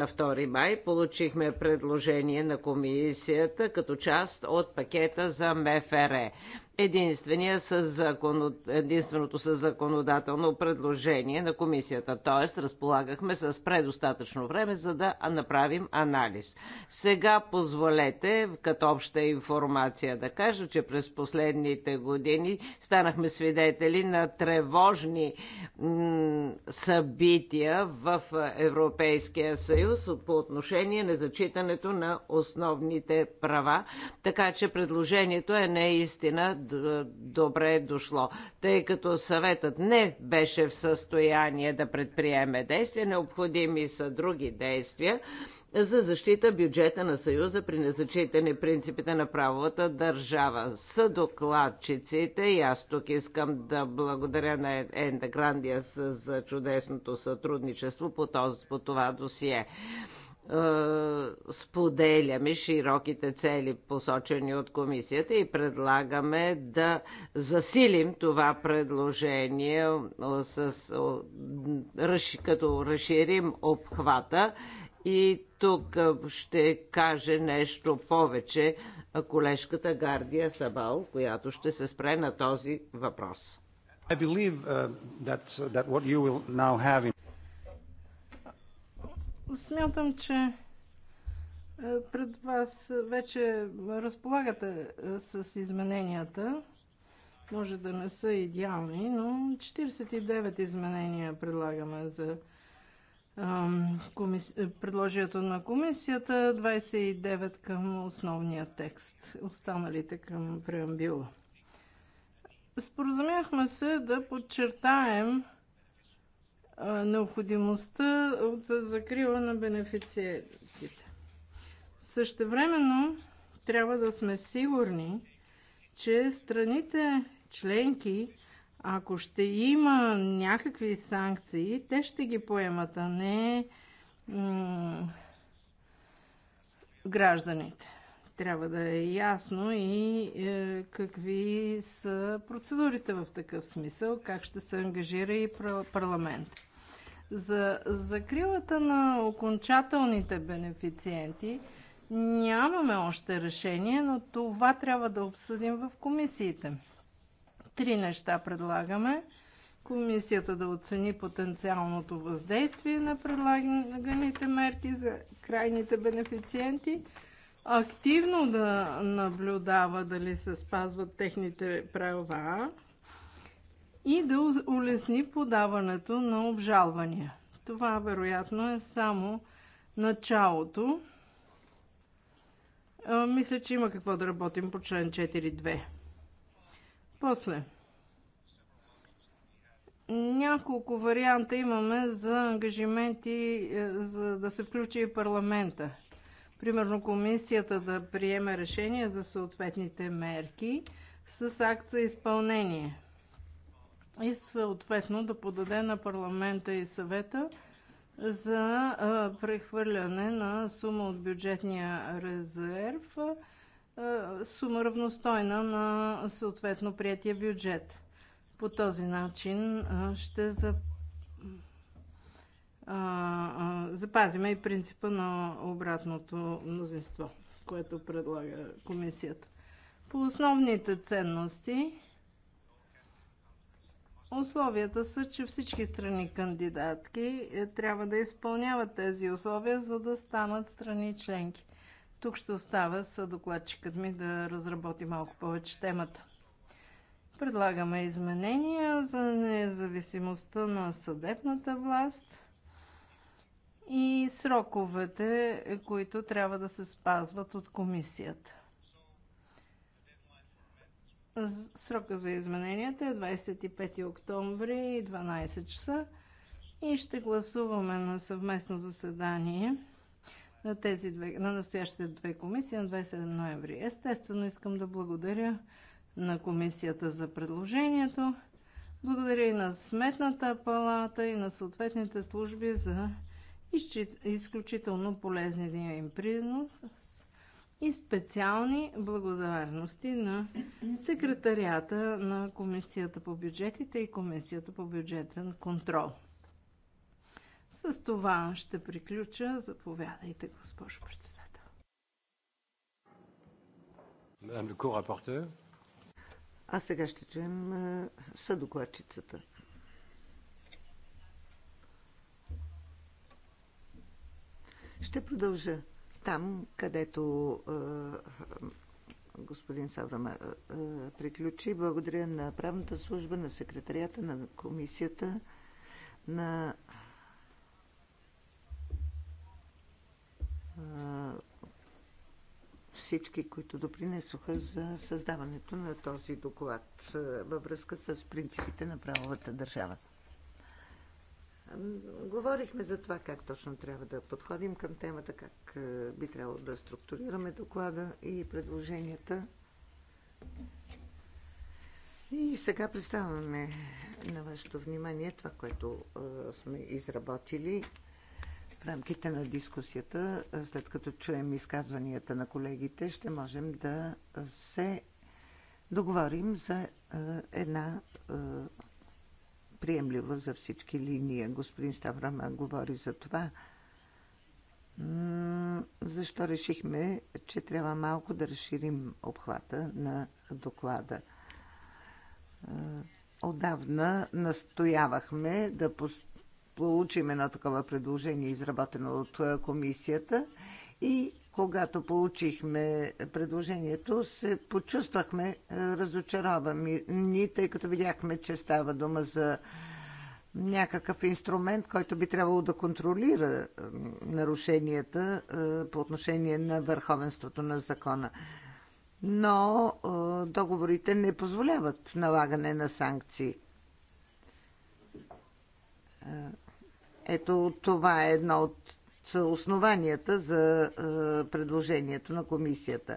На 2 май получихме предложение на комисията като част от пакета за МФР единствения с закон... единственото с законодателно предложение на комисията. Тоест, разполагахме с предостатъчно време, за да направим анализ. Сега позволете, като обща информация, да кажа, че през последните години станахме свидетели на тревожни събития в Европейския съюз по отношение на зачитането на основните права. Така че предложението е наистина добре е дошло, тъй като съветът не беше в състояние да предприеме действия, необходими са други действия за защита бюджета на Съюза при незачитане принципите на правовата държава. Са докладчиците и аз тук искам да благодаря на Енда Грандиас за чудесното сътрудничество по това досие. Е, споделяме широките цели, посочени от комисията и предлагаме да засилим това предложение е, с, е, като разширим обхвата и тук ще каже нещо повече колежката Гардия Сабал, която ще се спре на този въпрос. I believe uh, that, that what you will now have in Смятам, че е, пред вас вече разполагате е, с измененията. Може да не са идеални, но 49 изменения предлагаме за е, предложието на комисията, 29 към основния текст, останалите към преамбюла. Споразумяхме се да подчертаем необходимостта от закрила на бенефициентите. Същевременно трябва да сме сигурни, че страните членки, ако ще има някакви санкции, те ще ги поемат, а не гражданите. Трябва да е ясно и е, какви са процедурите в такъв смисъл, как ще се ангажира и парламент. За закрилата на окончателните бенефициенти нямаме още решение, но това трябва да обсъдим в комисиите. Три неща предлагаме. Комисията да оцени потенциалното въздействие на предлаганите мерки за крайните бенефициенти, активно да наблюдава дали се спазват техните права, и да улесни подаването на обжалвания. Това вероятно е само началото. Мисля, че има какво да работим по член 4.2. После. Няколко варианта имаме за ангажименти, е, за да се включи и парламента. Примерно комисията да приеме решение за съответните мерки с акт за изпълнение – и съответно да подаде на парламента и съвета за прехвърляне на сума от бюджетния резерв, сума равностойна на съответно приятия бюджет. По този начин ще запазиме и принципа на обратното мнозинство, което предлага комисията. По основните ценности Условията са, че всички страни кандидатки е, трябва да изпълняват тези условия, за да станат страни членки. Тук ще оставя с докладчикът ми да разработи малко повече темата. Предлагаме изменения за независимостта на съдебната власт и сроковете, които трябва да се спазват от комисията. Срока за измененията е 25 октомври 12 часа и ще гласуваме на съвместно заседание на, тези две, на настоящите две комисии на 27 ноември. Естествено искам да благодаря на комисията за предложението. Благодаря и на Сметната палата и на съответните служби за изключително полезния им признос и специални благодарности на секретарията на Комисията по бюджетите и Комисията по бюджетен контрол. С това ще приключа. Заповядайте, госпожо председател. рапортер А сега ще чуем съдокладчицата. Ще продължа там, където господин Саврама приключи, благодаря на правната служба, на секретарията, на комисията, на всички, които допринесоха за създаването на този доклад във връзка с принципите на правовата държава. Говорихме за това как точно трябва да подходим към темата, как е, би трябвало да структурираме доклада и предложенията. И сега представяме на вашето внимание това, което е, сме изработили в рамките на дискусията. След като чуем изказванията на колегите, ще можем да се договорим за е, една приемлива за всички линии. Господин Ставрама говори за това. Защо решихме, че трябва малко да разширим обхвата на доклада? Е, отдавна настоявахме да получим едно такова предложение, изработено от е, комисията и когато получихме предложението, се почувствахме е, разочаровани, тъй като видяхме, че става дума за някакъв инструмент, който би трябвало да контролира е, нарушенията е, по отношение на върховенството на закона. Но договорите не позволяват налагане на санкции. Ето това е едно от основанията за е, предложението на комисията.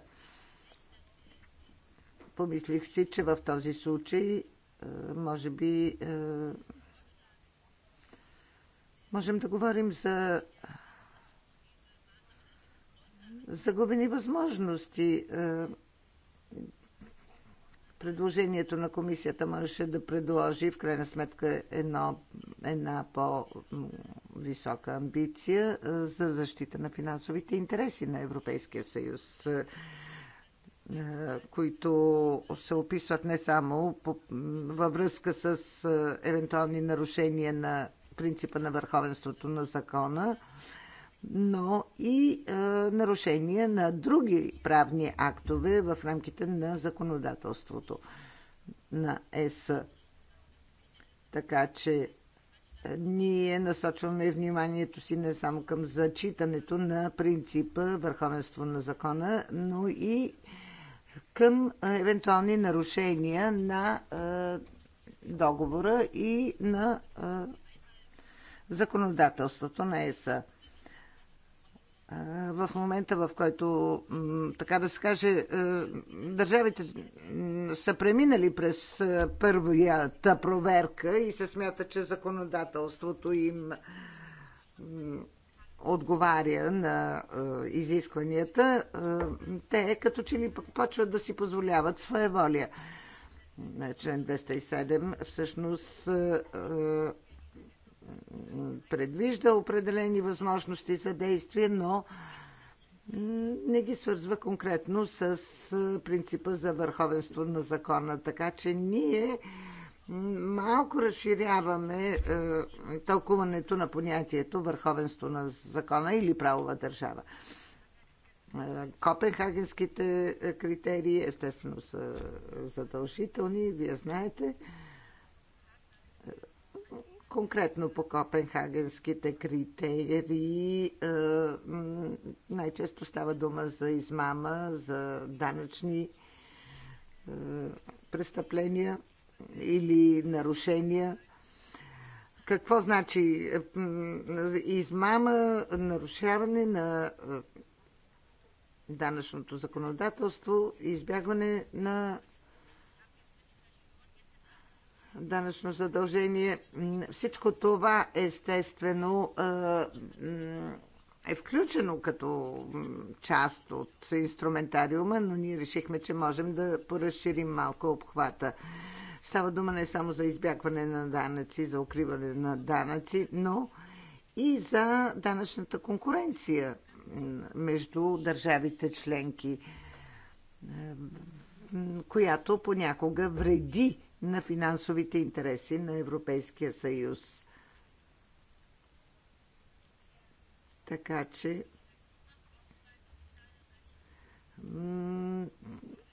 Помислих си, че в този случай е, може би е, можем да говорим за загубени възможности. Предложението на комисията можеше да предложи в крайна сметка едно, една по висока амбиция е, за защита на финансовите интереси на Европейския съюз, е, е, които се описват не само във връзка с евентуални нарушения на принципа на върховенството на закона, но и е, нарушения на други правни актове в рамките на законодателството на ЕС. Така че ние насочваме вниманието си не само към зачитането на принципа върховенство на закона, но и към евентуални нарушения на договора и на законодателството на ЕСА в момента, в който, така да се каже, е, държавите са преминали през е, първията проверка и се смята, че законодателството им отговаря на е, изискванията, те като че ли пък почват да си позволяват своеволия. Член 207 всъщност предвижда определени възможности за действие, но не ги свързва конкретно с принципа за върховенство на закона. Така че ние малко разширяваме е, тълкуването на понятието върховенство на закона или правова държава. Копенхагенските критерии естествено са задължителни, вие знаете. Конкретно по копенхагенските критерии е, най-често става дума за измама, за данъчни е, престъпления или нарушения. Какво значи е, измама, нарушаване на данъчното законодателство, избягване на данъчно задължение. Всичко това естествено е, е включено като част от инструментариума, но ние решихме, че можем да поразширим малко обхвата. Става дума не само за избягване на данъци, за укриване на данъци, но и за данъчната конкуренция между държавите членки, която понякога вреди на финансовите интереси на Европейския съюз. Така че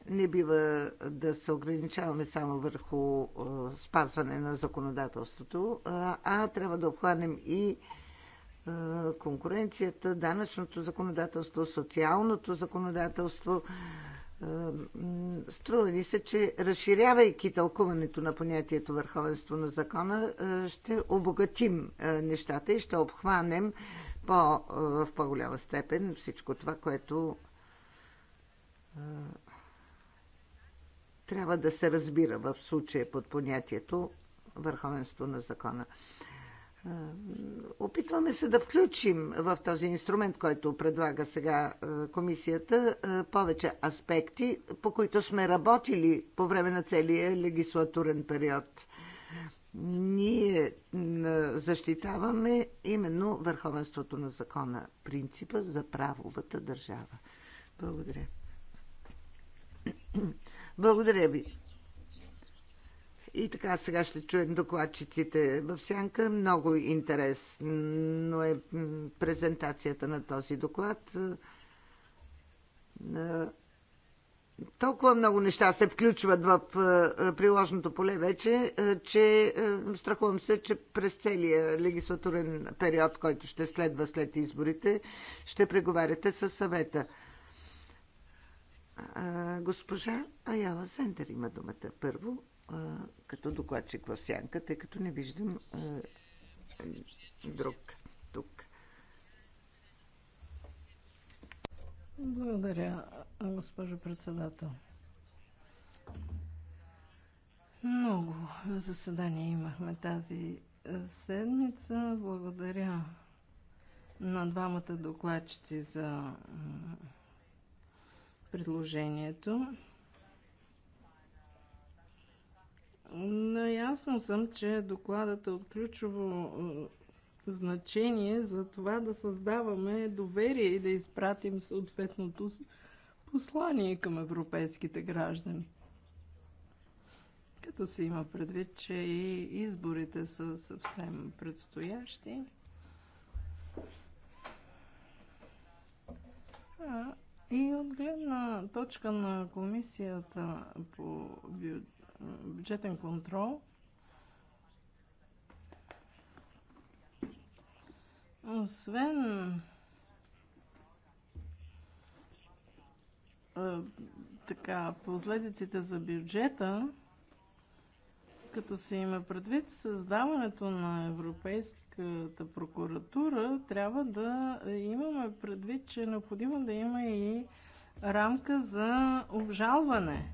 не бива да се ограничаваме само върху спазване на законодателството, а трябва да обхванем и конкуренцията, данъчното законодателство, социалното законодателство, Струва ни се, че разширявайки тълкуването на понятието върховенство на закона, ще обогатим нещата и ще обхванем по, в по-голяма степен всичко това, което трябва да се разбира в случая под понятието върховенство на закона. Опитваме се да включим в този инструмент, който предлага сега комисията, повече аспекти, по които сме работили по време на целия легислатурен период. Ние защитаваме именно върховенството на закона, принципа за правовата държава. Благодаря. Благодаря ви. И така, сега ще чуем докладчиците в сянка. Много интересно е презентацията на този доклад. Е, толкова много неща се включват в е, е, приложното поле вече, че страхувам се, че през целия легислатурен период, който ще следва след изборите, ще преговаряте с съвета. Госпожа Аяла Сендер има думата първо като докладчик в сянка, тъй като не виждам друг тук. Благодаря, госпожо председател. Много заседания имахме тази седмица. Благодаря на двамата докладчици за предложението. Наясно съм, че докладът е от ключово значение за това да създаваме доверие и да изпратим съответното послание към европейските граждани. Като се има предвид, че и изборите са съвсем предстоящи. И от гледна точка на комисията по бюджет, бюджетен контрол. Освен така, последиците за бюджета, като се има предвид създаването на Европейската прокуратура, трябва да имаме предвид, че е необходимо да има и рамка за обжалване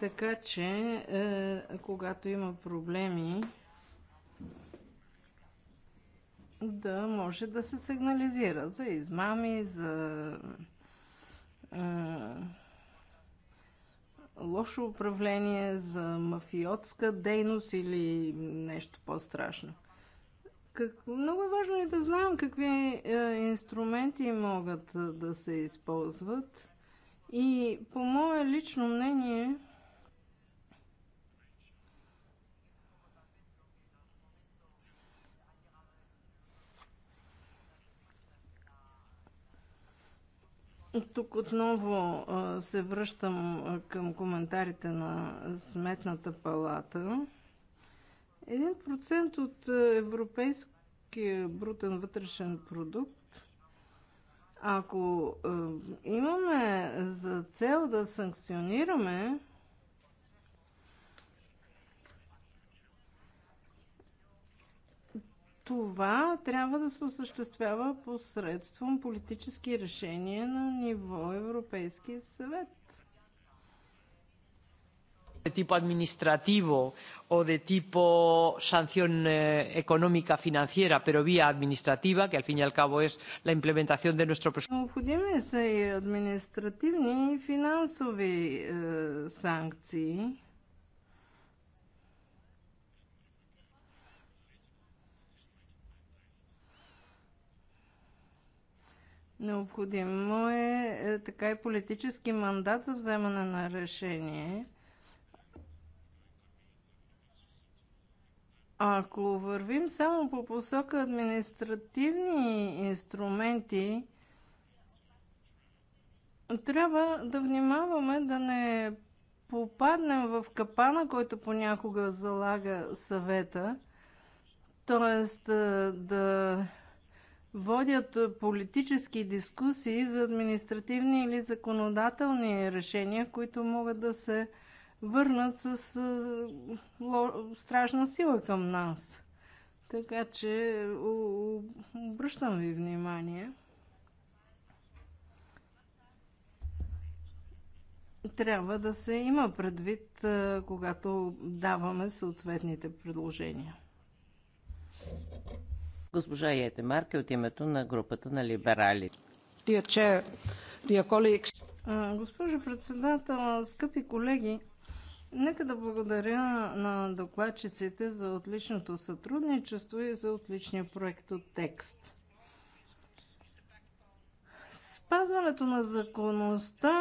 така че, е, когато има проблеми, да може да се сигнализира за измами, за е, лошо управление, за мафиотска дейност или нещо по-страшно. Как, много е важно и да знаем какви е, инструменти могат е, да се използват. И по мое лично мнение, Тук отново се връщам към коментарите на Сметната палата. Един процент от европейския брутен вътрешен продукт, ако имаме за цел да санкционираме, това трябва да се осъществява посредством политически решения на ниво Европейски съвет. de tipo administrativo o de tipo sanción eh, económica financiera, pero vía administrativa, que al fin y al cabo es la implementación de nuestro presupuesto. Необходими са и административни и финансови е, Необходимо е, е така и политически мандат за вземане на решение. Ако вървим само по посока административни инструменти, трябва да внимаваме да не попаднем в капана, който понякога залага съвета, т.е. да водят е, политически дискусии за административни или законодателни решения, които могат да се върнат с е, страшна сила към нас. Така че обръщам ви внимание. Трябва да се има предвид, е, когато даваме съответните предложения. Госпожа Етемарки е от името на групата на либералите. Госпожо председател, скъпи колеги, нека да благодаря на докладчиците за отличното сътрудничество и за отличния проект от текст. Спазването на законността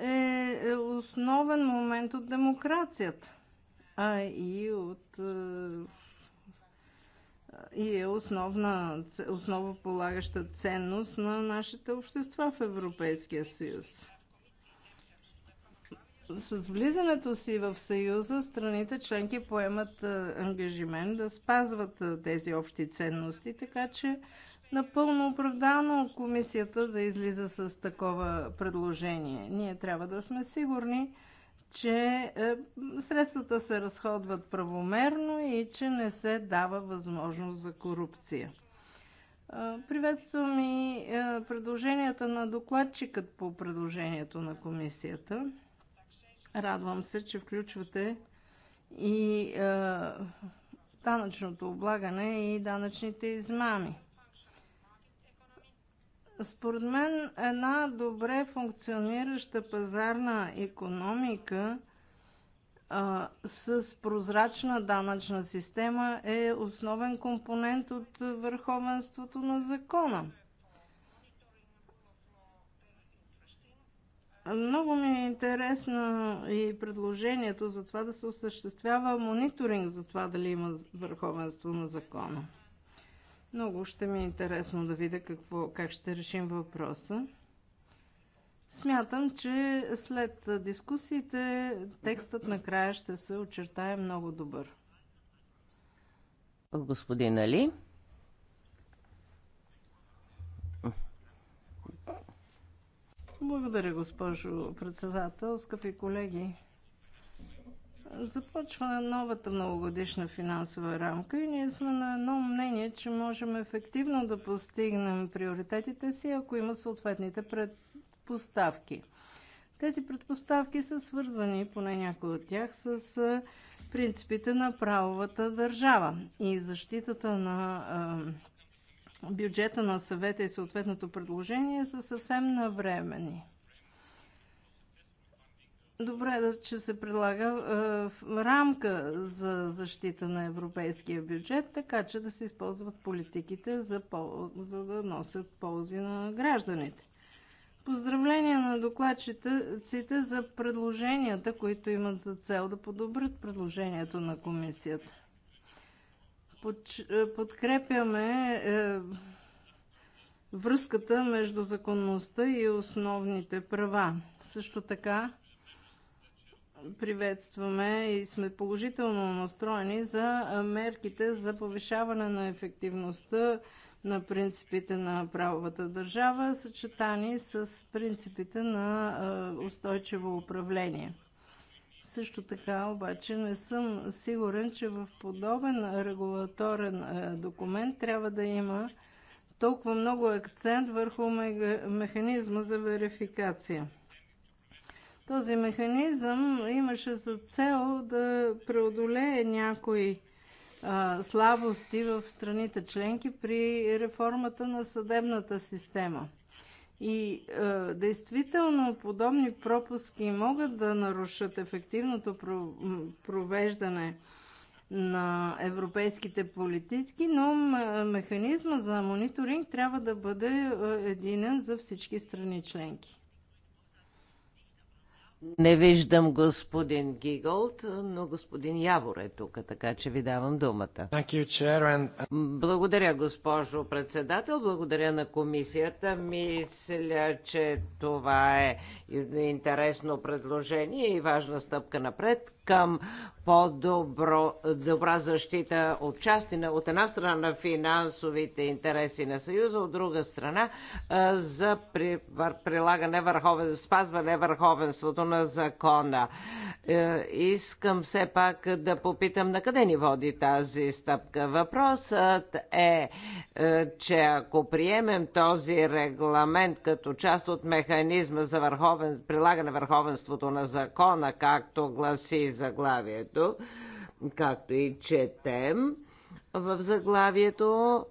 е основен момент от демокрацията, а и от е, и е основна, основополагаща ценност на нашите общества в Европейския съюз. С влизането си в Съюза страните членки поемат ангажимент да спазват тези общи ценности, така че напълно оправдано комисията да излиза с такова предложение. Ние трябва да сме сигурни, че е, средствата се разходват правомерно и че не се дава възможност за корупция. Е, приветствам и е, предложенията на докладчикът по предложението на комисията. Радвам се, че включвате и данъчното облагане и данъчните измами. Според мен една добре функционираща пазарна економика а, с прозрачна данъчна система е основен компонент от върховенството на закона. Много ми е интересно и предложението за това да се осъществява мониторинг за това дали има върховенство на закона. Много ще ми е интересно да видя какво, как ще решим въпроса. Смятам, че след дискусиите текстът накрая ще се очертае много добър. Господин Али. Благодаря, госпожо председател, скъпи колеги. Започва новата многогодишна финансова рамка и ние сме на едно мнение, че можем ефективно да постигнем приоритетите си, ако има съответните предпоставки. Тези предпоставки са свързани, поне някои от тях, с принципите на правовата държава и защитата на бюджета на съвета и съответното предложение са съвсем навремени. Добре да, че се предлага е, рамка за защита на европейския бюджет, така че да се използват политиките, за, пол... за да носят ползи на гражданите. Поздравления на докладчиците за предложенията, които имат за цел да подобрят предложението на комисията. Под... Е, подкрепяме. Е, връзката между законността и основните права. Също така приветстваме и сме положително настроени за мерките за повишаване на ефективността на принципите на правовата държава, съчетани с принципите на устойчиво управление. Също така обаче не съм сигурен, че в подобен регулаторен документ трябва да има толкова много акцент върху механизма за верификация. Този механизъм имаше за цел да преодолее някои а, слабости в страните членки при реформата на съдебната система. И а, действително подобни пропуски могат да нарушат ефективното провеждане на европейските политики, но механизма за мониторинг трябва да бъде единен за всички страни членки. Не виждам господин Гиголд, но господин Явор е тук, така че ви давам думата. Uh, благодаря, госпожо председател, благодаря на комисията. Мисля, че това е интересно предложение и важна стъпка напред към по-добра защита от части на, от една страна на финансовите интереси на Съюза, от друга страна за при, прилагане върховен, спазване върховенството на закона. Е, искам все пак да попитам на къде ни води тази стъпка. Въпросът е, е, че ако приемем този регламент като част от механизма за върховен, прилагане върховенството на закона, както гласи заглавието, както и четем в заглавието.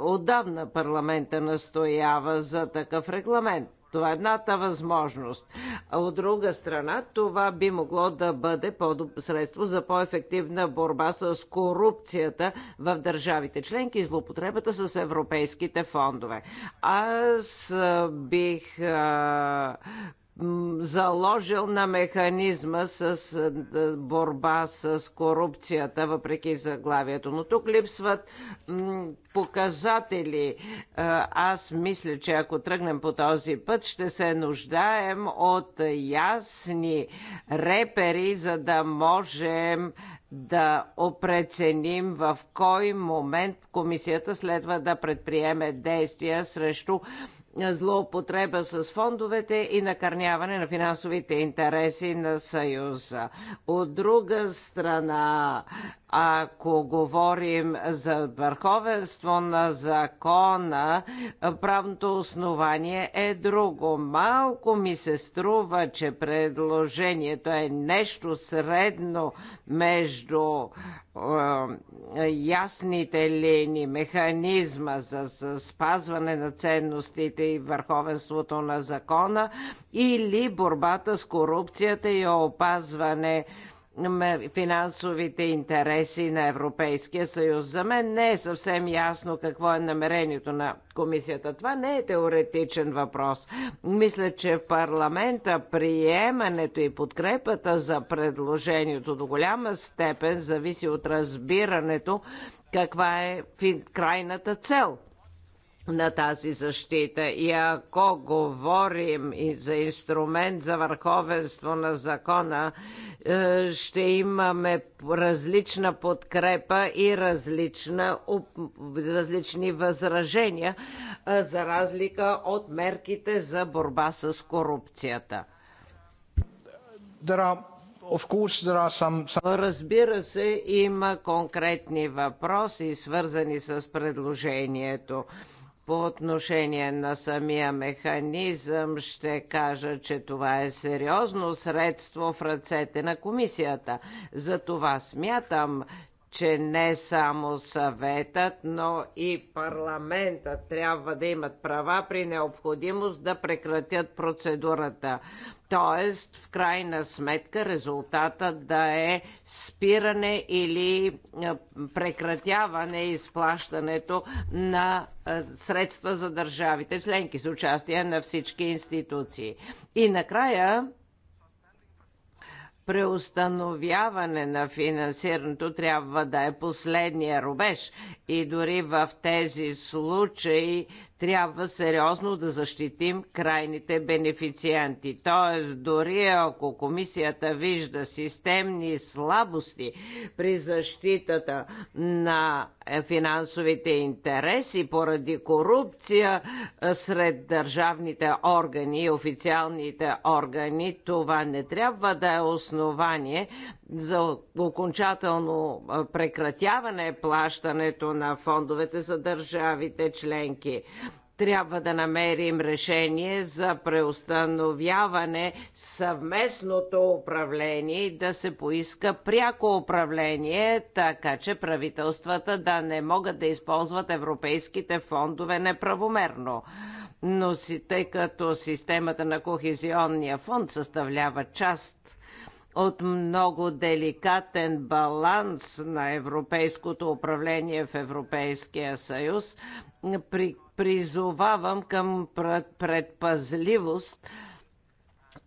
Отдавна парламента настоява за такъв регламент. Това е едната възможност. А от друга страна, това би могло да бъде средство за по-ефективна борба с корупцията в държавите членки и злоупотребата с европейските фондове. Аз бих заложил на механизма с борба с корупцията, въпреки заглавието. Но тук липсват показатели. Аз мисля, че ако тръгнем по този път, ще се нуждаем от ясни репери, за да можем да опреценим в кой момент комисията следва да предприеме действия срещу злоупотреба с фондовете и накърняване на финансовите интереси на Съюза. От друга страна, ако говорим за върховенство на закона, правното основание е друго. Малко ми се струва, че предложението е нещо средно между ясните линии, механизма за, за спазване на ценностите и върховенството на закона или борбата с корупцията и опазване финансовите интереси на Европейския съюз. За мен не е съвсем ясно какво е намерението на комисията. Това не е теоретичен въпрос. Мисля, че в парламента приемането и подкрепата за предложението до голяма степен зависи от разбирането каква е крайната цел на тази защита. И ако говорим и за инструмент за върховенство на закона, е, ще имаме различна подкрепа и различна, различни възражения, е, за разлика от мерките за борба с корупцията. There Разбира се, има конкретни въпроси, свързани с предложението. По отношение на самия механизъм ще кажа, че това е сериозно средство в ръцете на комисията. Затова смятам, че не само съветът, но и парламентът трябва да имат права при необходимост да прекратят процедурата. Тоест, в крайна сметка, резултата да е спиране или прекратяване изплащането на средства за държавите членки с участие на всички институции. И накрая преустановяване на финансирането трябва да е последния рубеж и дори в тези случаи трябва сериозно да защитим крайните бенефициенти. Тоест, дори ако комисията вижда системни слабости при защитата на финансовите интереси поради корупция сред държавните органи и официалните органи, това не трябва да е основание за окончателно прекратяване плащането на фондовете за държавите членки трябва да намерим решение за преустановяване съвместното управление и да се поиска пряко управление, така че правителствата да не могат да използват европейските фондове неправомерно. Но си, тъй като системата на Кохезионния фонд съставлява част от много деликатен баланс на европейското управление в Европейския съюз. При, призовавам към предпазливост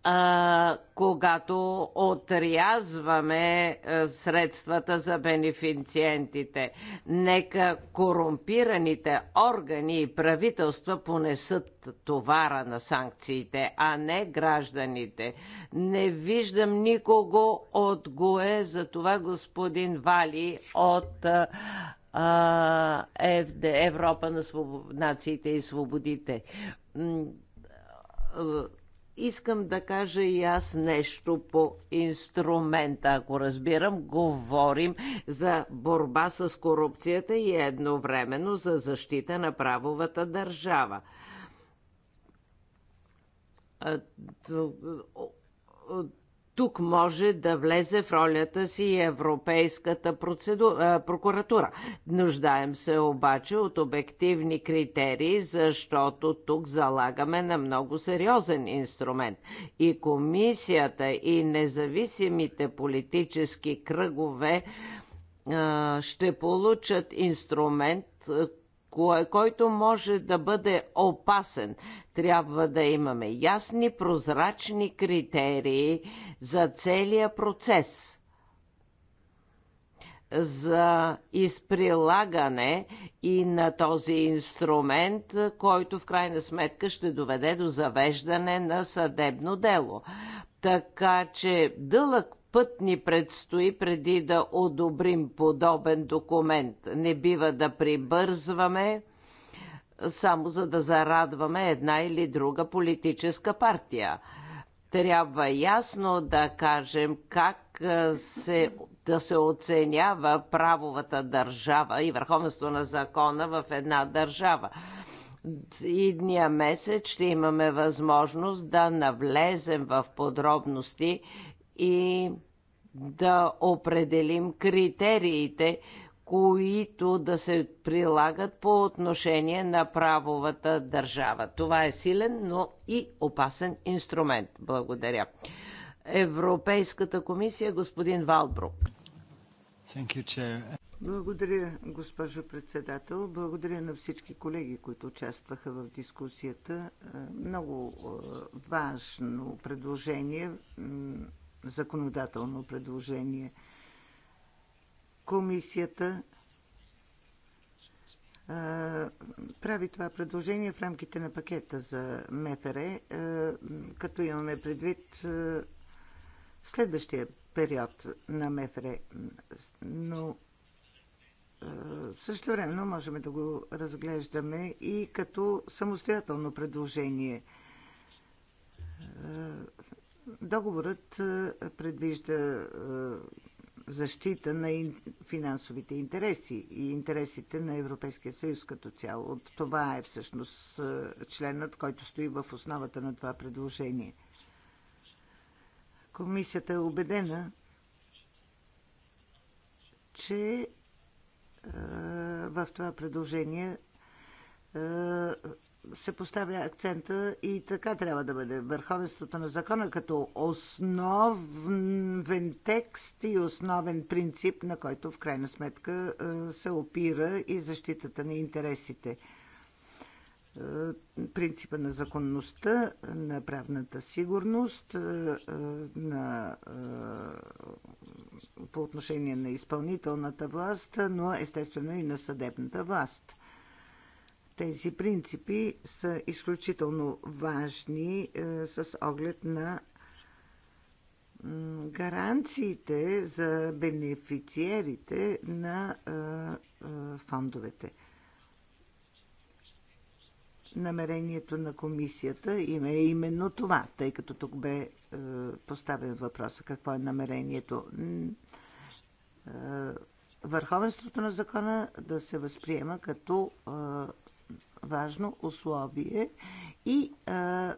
а, когато отрязваме а, е, средствата за бенефициентите. Нека корумпираните органи и правителства понесат товара на санкциите, а не гражданите. Не виждам никого от ГОЕ, за това господин Вали от е, а, а, Европа на нациите и свободите е, Искам да кажа и аз нещо по инструмента. Ако разбирам, говорим за борба с корупцията и едновременно за защита на правовата държава тук може да влезе в ролята си Европейската процеду... прокуратура. Нуждаем се обаче от обективни критерии, защото тук залагаме на много сериозен инструмент. И комисията, и независимите политически кръгове ще получат инструмент, който може да бъде опасен. Трябва да имаме ясни, прозрачни критерии за целия процес за изприлагане и на този инструмент, който в крайна сметка ще доведе до завеждане на съдебно дело. Така че дълъг път ни предстои преди да одобрим подобен документ. Не бива да прибързваме само за да зарадваме една или друга политическа партия. Трябва ясно да кажем как се, да се оценява правовата държава и върховенство на закона в една държава идния месец ще имаме възможност да навлезем в подробности и да определим критериите, които да се прилагат по отношение на правовата държава. Това е силен, но и опасен инструмент. Благодаря. Европейската комисия, господин Валбрук. You, Благодаря, госпожо председател. Благодаря на всички колеги, които участваха в дискусията. Много важно предложение законодателно предложение. Комисията прави това предложение в рамките на пакета за МФР, като имаме предвид следващия период на МФР. Но също време можем да го разглеждаме и като самостоятелно предложение. Договорът е, предвижда е, защита на финансовите интереси и интересите на Европейския съюз като цяло. Това е всъщност е, членът, който стои в основата на това предложение. Комисията е убедена, че в това предложение се поставя акцента и така трябва да бъде. Върховенството на закона като основен текст и основен принцип, на който в крайна сметка е, се опира и защитата на интересите. Е, принципа на законността, на правната сигурност, е, на, по отношение на изпълнителната власт, но естествено и на съдебната власт тези принципи са изключително важни е, с оглед на гаранциите за бенефициерите на е, е, фондовете. Намерението на комисията има е именно това, тъй като тук бе поставен въпроса какво е намерението. Върховенството на закона да се възприема като важно условие и а,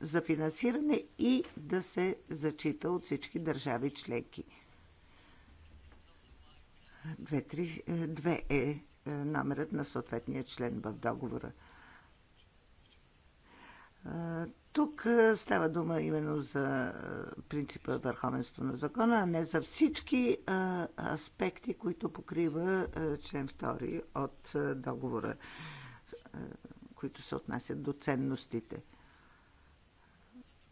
за финансиране и да се зачита от всички държави членки. 2 е, е, е номерът на съответния член в договора. Тук е, става дума именно за принципа върховенство на закона, а не за всички аспекти, които покрива член 2 от договора които се отнасят до ценностите.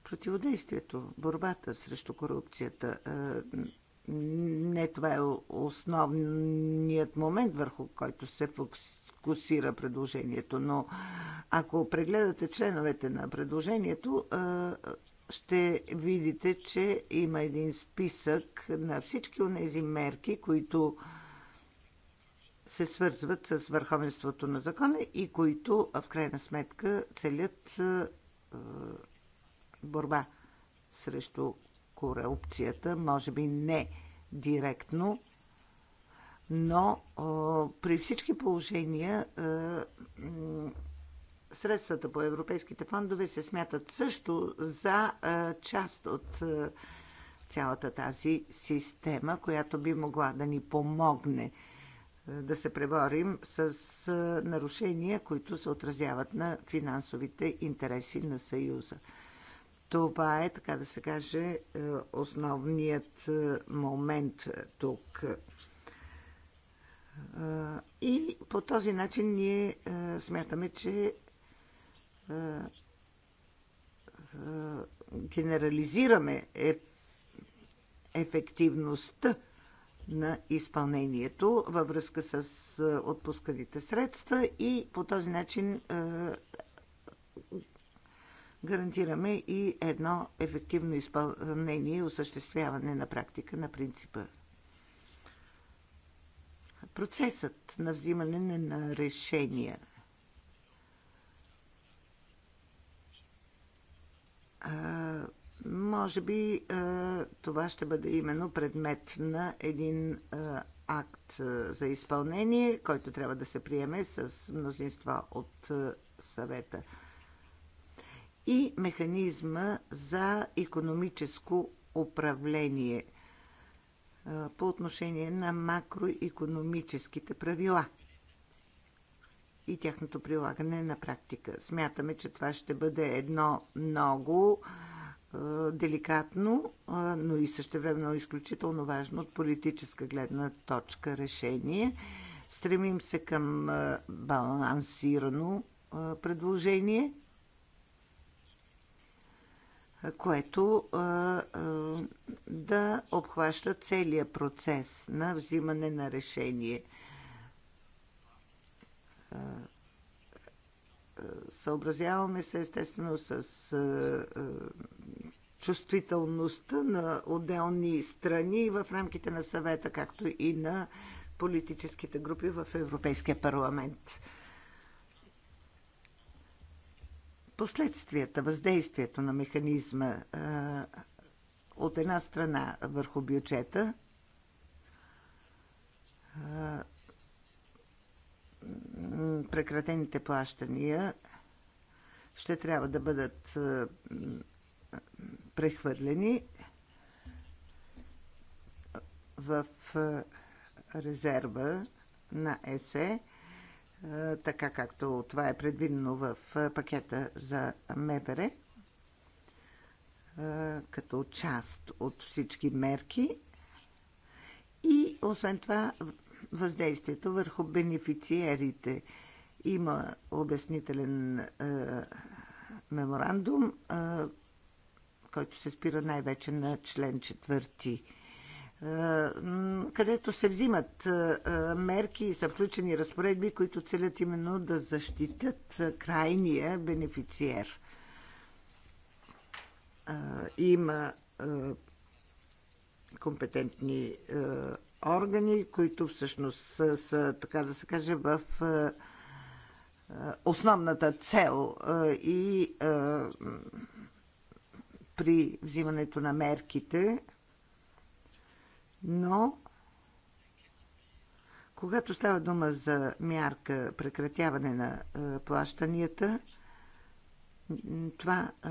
Противодействието, борбата срещу корупцията, не това е основният момент, върху който се фокусира предложението, но ако прегледате членовете на предложението, ще видите, че има един списък на всички от тези мерки, които се свързват с върховенството на закона и които в крайна сметка целят борба срещу корупцията, може би не директно, но при всички положения средствата по европейските фондове се смятат също за част от цялата тази система, която би могла да ни помогне да се преборим с нарушения, които се отразяват на финансовите интереси на Съюза. Това е, така да се каже, е, основният е, момент тук. Е, и по този начин ние смятаме, че генерализираме ефективността на изпълнението във връзка с отпусканите средства и по този начин гарантираме и едно ефективно изпълнение и осъществяване на практика на принципа. Процесът на взимане на решения може би това ще бъде именно предмет на един акт за изпълнение, който трябва да се приеме с мнозинства от съвета. И механизма за економическо управление по отношение на макроекономическите правила и тяхното прилагане на практика. Смятаме, че това ще бъде едно много деликатно, но и същевременно изключително важно от политическа гледна точка решение. Стремим се към балансирано предложение, което да обхваща целият процес на взимане на решение Съобразяваме се естествено с чувствителността на отделни страни в рамките на съвета, както и на политическите групи в Европейския парламент. Последствията, въздействието на механизма от една страна върху бюджета, прекратените плащания ще трябва да бъдат е, прехвърлени в е, резерва на ЕСЕ, е, така както това е предвидено в пакета за МВР, като част от всички мерки. И освен това въздействието върху бенефициерите. Има обяснителен е, меморандум, е, който се спира най-вече на член четвърти е, където се взимат е, е, мерки и са включени разпоредби, които целят именно да защитят крайния бенефициер. Има компетентни органи, които всъщност са, са така да се каже, в основната цел и при взимането на мерките, но когато става дума за мярка прекратяване на плащанията, това а,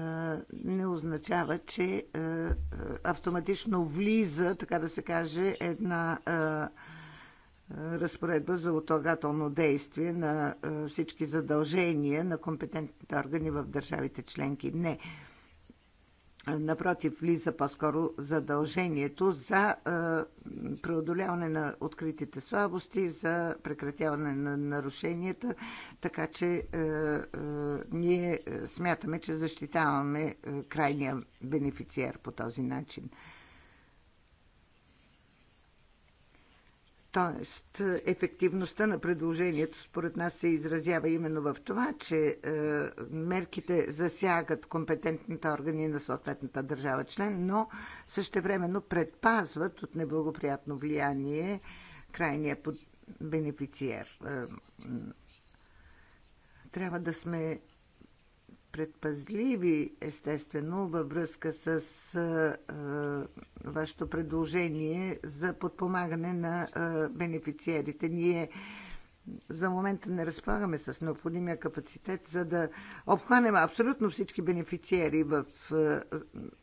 не означава, че а, автоматично влиза, така да се каже, една а, разпоредба за отлагателно действие на а, всички задължения на компетентните органи в държавите членки. Не. А, напротив, влиза по-скоро задължението за е, преодоляване на откритите слабости, за прекратяване на нарушенията, така че е, е, ние смятаме, че защитаваме крайния бенефициер по този начин. Тоест, ефективността на предложението според нас се изразява именно в това, че е, мерките засягат компетентните органи на съответната държава член, но същевременно предпазват от неблагоприятно влияние крайния бенефициер. Е, трябва да сме предпазливи, естествено, във връзка с а, а, вашето предложение за подпомагане на а, бенефициерите. Ние за момента не разполагаме с необходимия капацитет, за да обхванем абсолютно всички бенефициери в а,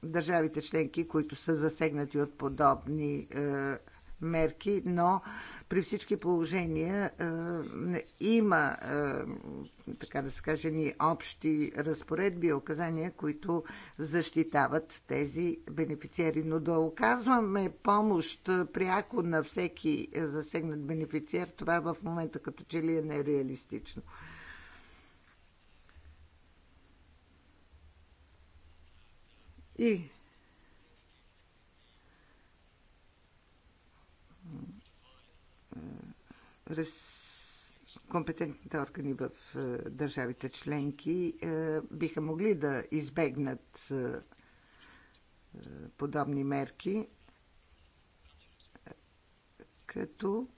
държавите членки, които са засегнати от подобни а, мерки, но при всички положения има, така да се каже, ни общи разпоредби и оказания, които защитават тези бенефициери. Но да оказваме помощ пряко на всеки засегнат бенефициер, това в момента като че ли е нереалистично. И компетентните органи в е, държавите членки е, биха могли да избегнат е, подобни мерки, като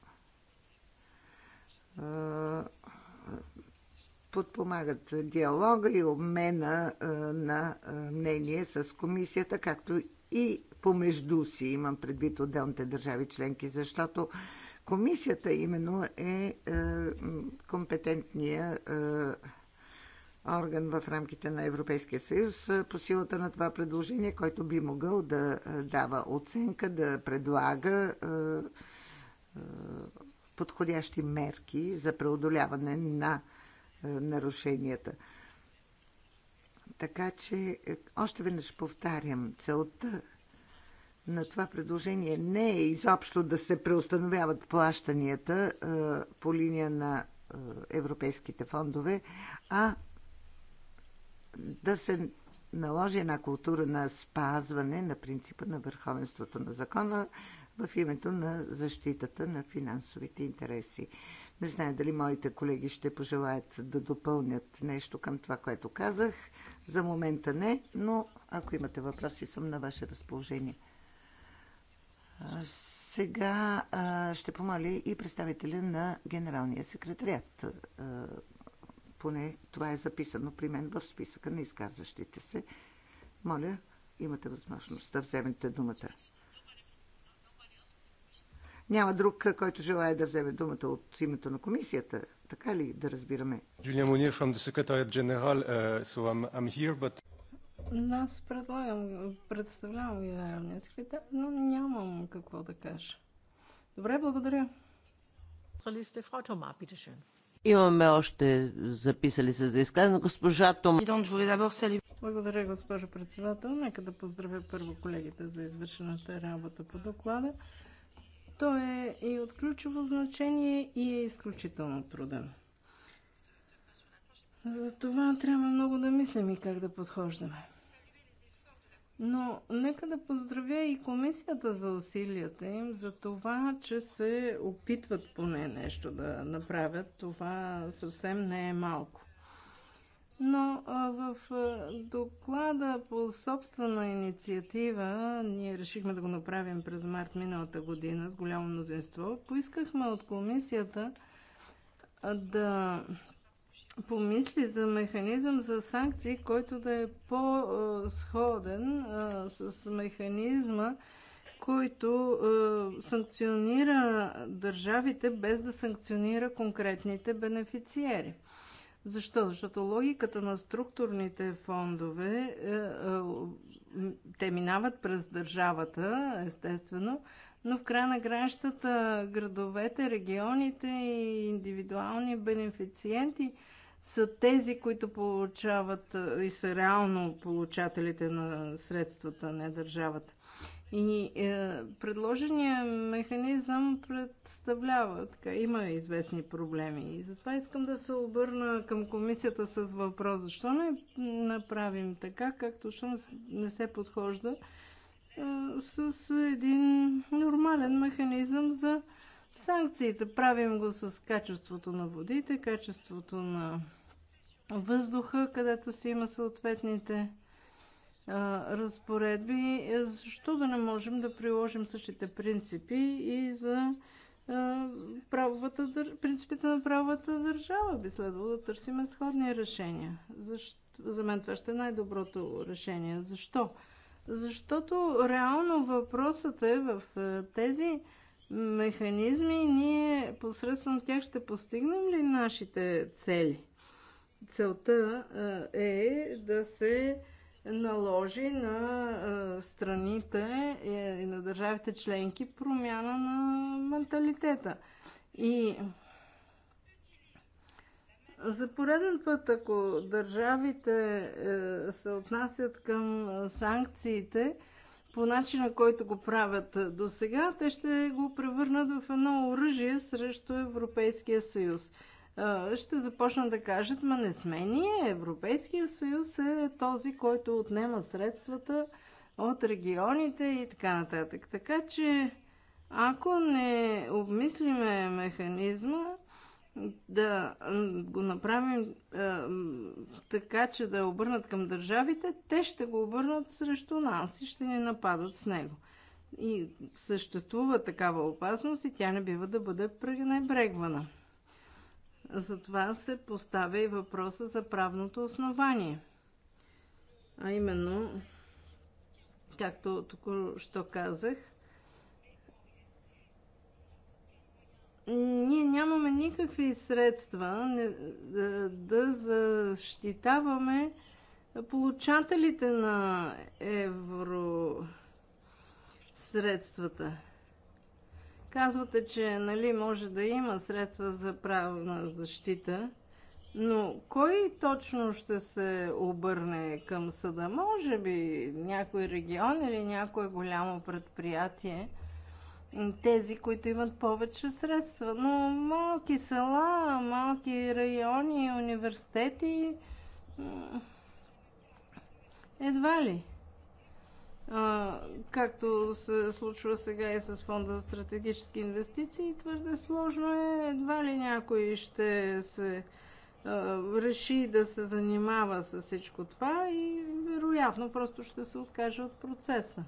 подпомагат диалога и обмена на мнение с комисията, както и помежду си, имам предвид отделните държави членки, защото Комисията именно е, е компетентния е, орган в рамките на Европейския съюз е, по силата на това предложение, който би могъл да дава оценка, да предлага подходящи мерки за преодоляване на нарушенията. Така че, още веднъж повтарям, целта на това предложение не е изобщо да се преустановяват плащанията е, по линия на е, европейските фондове, а да се наложи една култура на спазване на принципа на върховенството на закона в името на защитата на финансовите интереси. Не знае дали моите колеги ще пожелаят да допълнят нещо към това, което казах. За момента не, но ако имате въпроси, съм на ваше разположение. Сега ще помоля и представителя на генералния секретарят. Поне това е записано при мен в списъка на изказващите се. Моля, имате възможност да вземете думата. Няма друг, който желая да вземе думата от името на комисията. Така ли да разбираме? Джулия Мунир, от секретарят генерал, съм тук, но... Аз предлагам, представлявам генералния секретар, но нямам какво да кажа. Добре, благодаря. Имаме още записали се за изказване госпожа Тома. Благодаря, госпожо председател. Нека да поздравя първо колегите за извършената работа по доклада. Той е и от ключово значение и е изключително труден. За това трябва много да мислим и как да подхождаме. Но нека да поздравя и комисията за усилията им, за това, че се опитват поне нещо да направят. Това съвсем не е малко. Но в доклада по собствена инициатива, ние решихме да го направим през март миналата година с голямо мнозинство, поискахме от комисията да помисли за механизъм за санкции, който да е по-сходен с механизма, който санкционира държавите без да санкционира конкретните бенефициери. Защо? Защото логиката на структурните фондове, е, е, те минават през държавата, естествено, но в края на гранщата градовете, регионите и индивидуални бенефициенти – са тези, които получават е, и са реално получателите на средствата, не държавата. И е, предложения механизъм представлява, така, има известни проблеми. И затова искам да се обърна към комисията с въпрос, защо не направим така, както що не се подхожда е, с един нормален механизъм за е, Санкциите правим го с качеството на водите, качеството на въздуха, където си има съответните а, разпоредби. Защо да не можем да приложим същите принципи и за а, принципите на правовата държава? Би следвало да търсим сходни решения. Защо? За мен това ще е най-доброто решение. Защо? Защото реално въпросът е в тези механизми, ние посредством тях ще постигнем ли нашите цели? Целта е, е да се наложи на страните и на държавите членки промяна на менталитета. И за пореден път, ако държавите е, се отнасят към санкциите, по начина, който го правят до сега, те ще го превърнат в едно оръжие срещу Европейския съюз. Ще започна да кажат, ма не сме ние, Европейския съюз е този, който отнема средствата от регионите и така нататък. Така че, ако не обмислиме механизма, да го направим а, е, така, че да обърнат към държавите, те ще го обърнат срещу нас и ще ни нападат с него. И съществува такава опасност и тя не бива да бъде пренебрегвана. Затова се поставя и въпроса за правното основание. А именно, както тук що казах, ние нямаме никакви средства да защитаваме получателите на евро средствата. Казвате, че нали, може да има средства за правна защита, но кой точно ще се обърне към съда? Може би някой регион или някое голямо предприятие – тези, които имат повече средства. Но малки села, малки райони, университети, едва ли. А, както се случва сега и с фонда за стратегически инвестиции, твърде сложно е. Едва ли някой ще се а, реши да се занимава с всичко това и вероятно просто ще се откаже от процеса.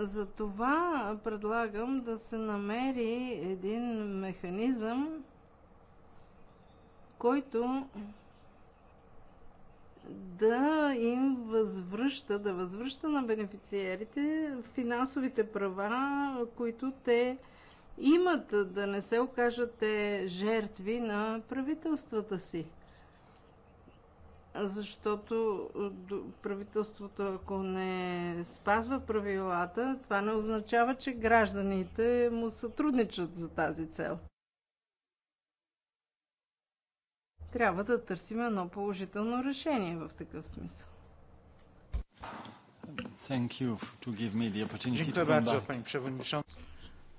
Затова предлагам да се намери един механизъм, който да им възвръща, да възвръща на бенефициерите финансовите права, които те имат, да не се окажат те жертви на правителствата си защото е, правителството, ако не спазва правилата, това не означава, че гражданите му сътрудничат за тази цел. Трябва да търсим едно положително решение в такъв смисъл.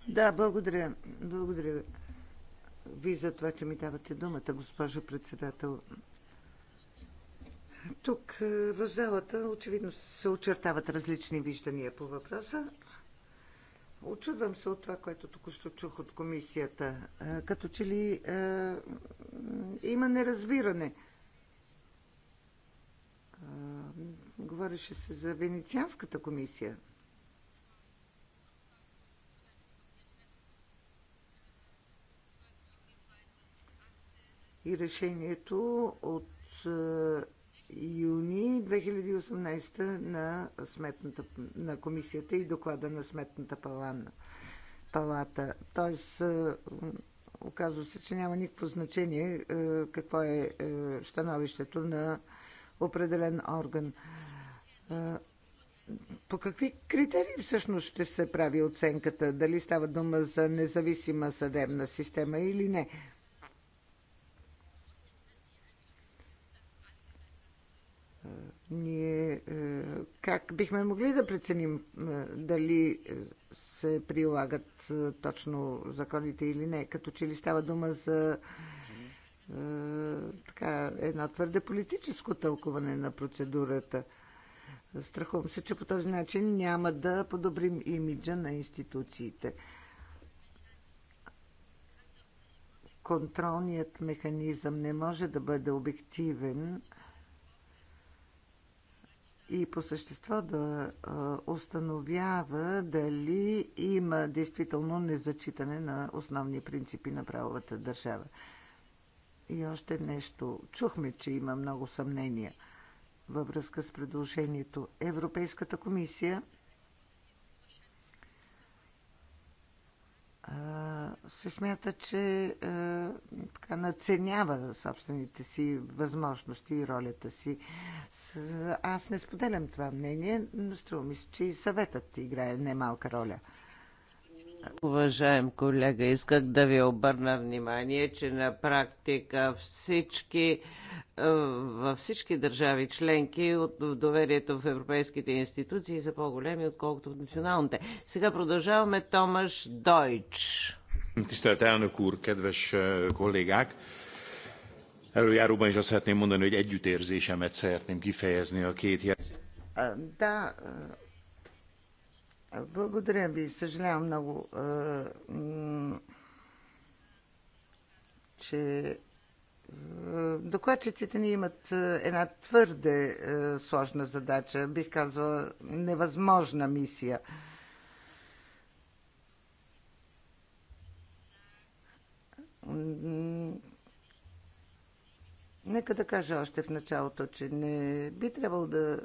Да, благодаря. Благодаря ви за това, че ми давате думата, госпожо председател. Тук е, в залата очевидно се очертават различни виждания по въпроса. Очудвам се от това, което току-що чух от комисията. Е, като че ли е, има неразбиране. Е, говореше се за Венецианската комисия. И решението от е, юни 2018 на, сметната, на комисията и доклада на сметната палана, палата. Тоест, е, оказва се, че няма никакво значение е, какво е, е становището на определен орган. По какви критерии всъщност ще се прави оценката? Дали става дума за независима съдебна система или не? ние е, как бихме могли да преценим е, дали е, се прилагат точно законите или не, като че ли става дума за така, едно твърде политическо тълкуване на процедурата. Страхувам се, че по този начин няма да подобрим имиджа на институциите. Контролният механизъм не може да бъде обективен, и по същество да установява дали има действително незачитане на основни принципи на правовата държава. И още нещо. Чухме, че има много съмнения във връзка с предложението. Европейската комисия се смята, че така, наценява собствените си възможности и ролята си. Аз не споделям това мнение, но струва ми се, че и съветът играе немалка роля – Уважаем колега, исках да ви обърна внимание, че на практика всички е, във всички държави членки от доверието в европейските институции са по-големи, отколкото в националните. Сега продължаваме Томаш Дойч. Tisztelt elnök кедвеш колегак, Előjáróban is azt szeretném mondani, hogy együttérzésemet szeretném kifejezni a két е, Да, благодаря ви. Съжалявам много, че докладчиците ни имат една твърде сложна задача, бих казала невъзможна мисия. Нека да кажа още в началото, че не би трябвало да е,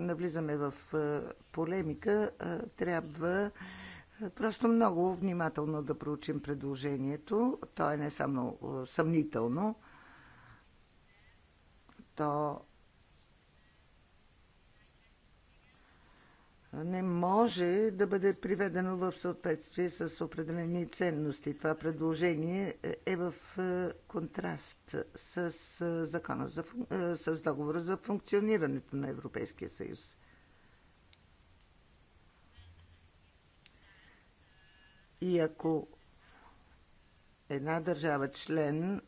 навлизаме в е, полемика. Е, трябва просто много внимателно да проучим предложението. То е не само съмнително, то не може да бъде приведено в съответствие с определени ценности. Това предложение е в е, контраст с, е, закона за, е, с договора за функционирането на Европейския съюз. И ако една държава член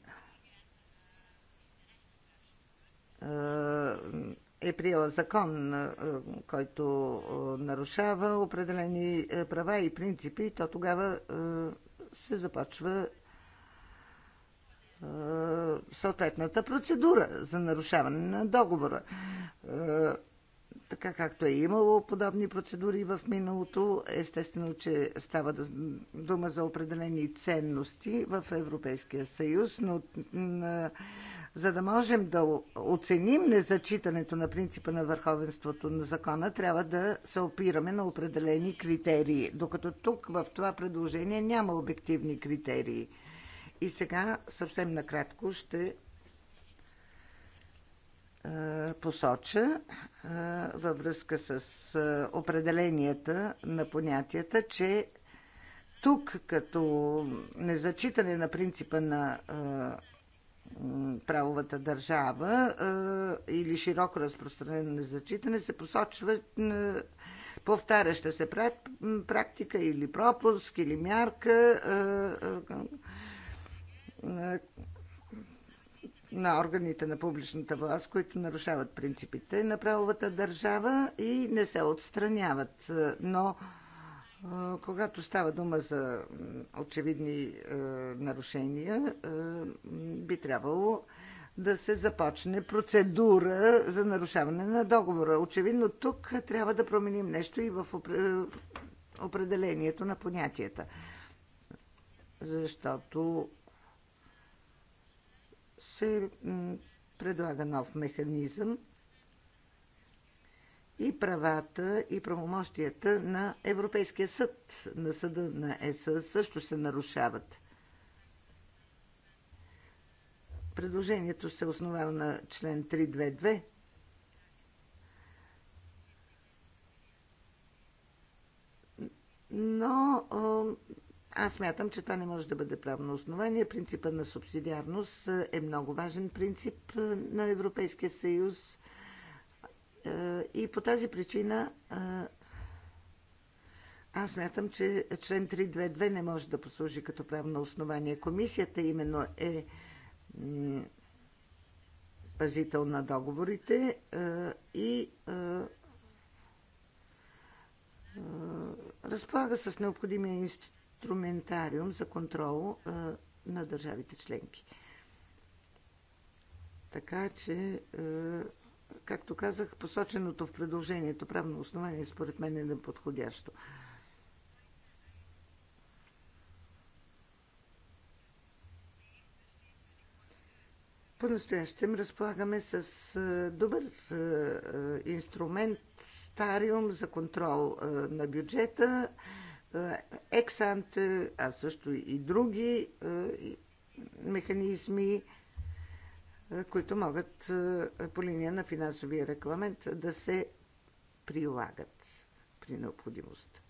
е приела закон, който нарушава определени права и принципи, то тогава се започва съответната процедура за нарушаване на договора. Така както е имало подобни процедури в миналото, естествено, че става дума за определени ценности в Европейския съюз, но за да можем да оценим незачитането на принципа на върховенството на закона, трябва да се опираме на определени критерии, докато тук в това предложение няма обективни критерии. И сега съвсем накратко ще е, посоча е, във връзка с е, определенията на понятията, че тук като незачитане на принципа на правовата държава или широко разпространено незачитане се посочва повтаряща се практика или пропуск или мярка на органите на публичната власт, които нарушават принципите на правовата държава и не се отстраняват. Но когато става дума за очевидни е, нарушения, е, би трябвало да се започне процедура за нарушаване на договора. Очевидно тук трябва да променим нещо и в определението на понятията. Защото се предлага нов механизъм и правата и правомощията на Европейския съд, на съда на ЕС също се нарушават. Предложението се основава на член 322 но аз мятам, че това не може да бъде правно основание. Принципът на субсидиарност е много важен принцип на Европейския съюз. Е, и по тази причина е, аз смятам, че член 322 не може да послужи като правно основание. Комисията именно е пазител на договорите е, и разполага с необходимия инструментариум за контрол на държавите членки. Така че както казах, посоченото в предложението правно основание според мен е неподходящо. По-настоящем разполагаме с добър инструмент, стариум за контрол на бюджета, ексанте, а също и други механизми които могат по линия на финансовия регламент да се прилагат при необходимост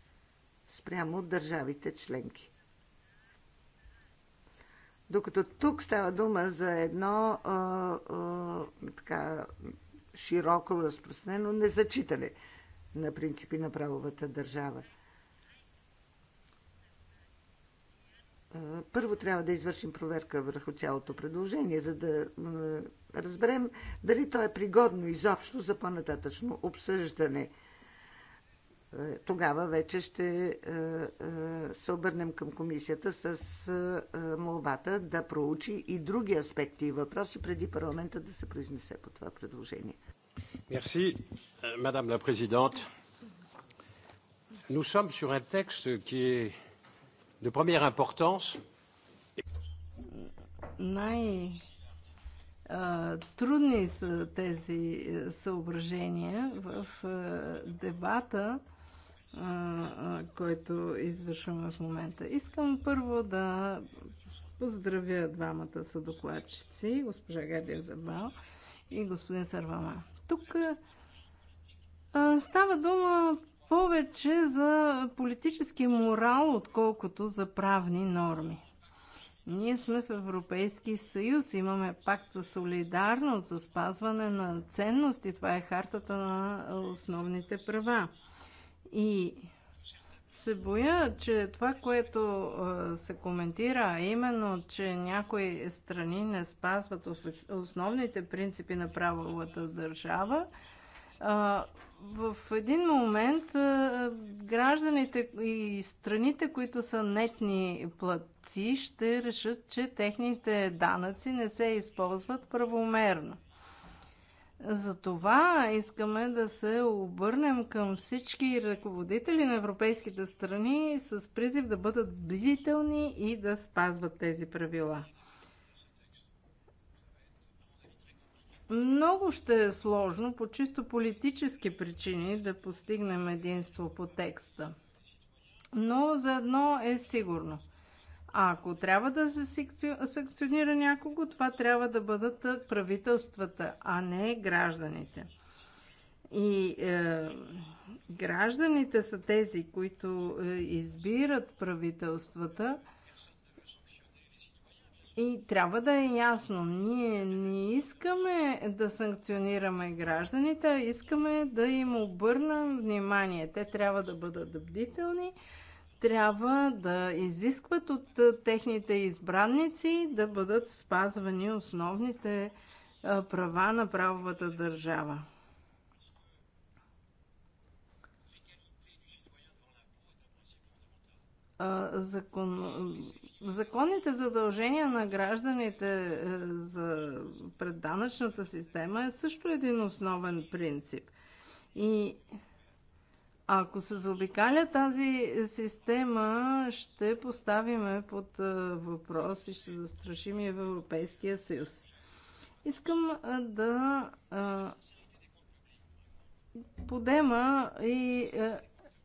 спрямо държавите членки. Докато тук става дума за едно а, а, така широко разпространено незачитане на принципи на правовата държава. Е, първо трябва да извършим проверка върху цялото предложение, за да е, разберем дали то е пригодно изобщо за по-нататъчно обсъждане. Е, тогава вече ще се обърнем към комисията с молбата да проучи и други аспекти и въпроси преди парламента да се произнесе по това предложение. Мерси, мадам ла президент. Nous sommes sur un texte qui est de première importance. Най- трудни са тези е, съображения в е, дебата, който извършваме в момента. Искам първо да поздравя двамата съдокладчици, госпожа Гадия Забал и господин Сарвама. Тук Става дума повече за политически морал, отколкото за правни норми. Ние сме в Европейски съюз, имаме пакт за солидарност, за спазване на ценности. Това е хартата на основните права. И се боя, че това, което се коментира, именно, че някои страни не спазват основните принципи на правовата държава, в един момент гражданите и страните, които са нетни платци, ще решат, че техните данъци не се използват правомерно. Затова искаме да се обърнем към всички ръководители на европейските страни с призив да бъдат бдителни и да спазват тези правила. Много ще е сложно по чисто политически причини да постигнем единство по текста. Но за едно е сигурно. А ако трябва да се санкционира някого, това трябва да бъдат правителствата, а не гражданите. И е, гражданите са тези, които е, избират правителствата – и трябва да е ясно, ние не искаме да санкционираме гражданите, а искаме да им обърнем внимание. Те трябва да бъдат бдителни, трябва да изискват от техните избранници да бъдат спазвани основните права на правовата държава. Закон Законните задължения на гражданите е, за предданъчната система е също един основен принцип. И ако се заобикаля тази система, ще поставиме под е, въпрос и ще застрашим и в Европейския съюз. Искам е, да подема и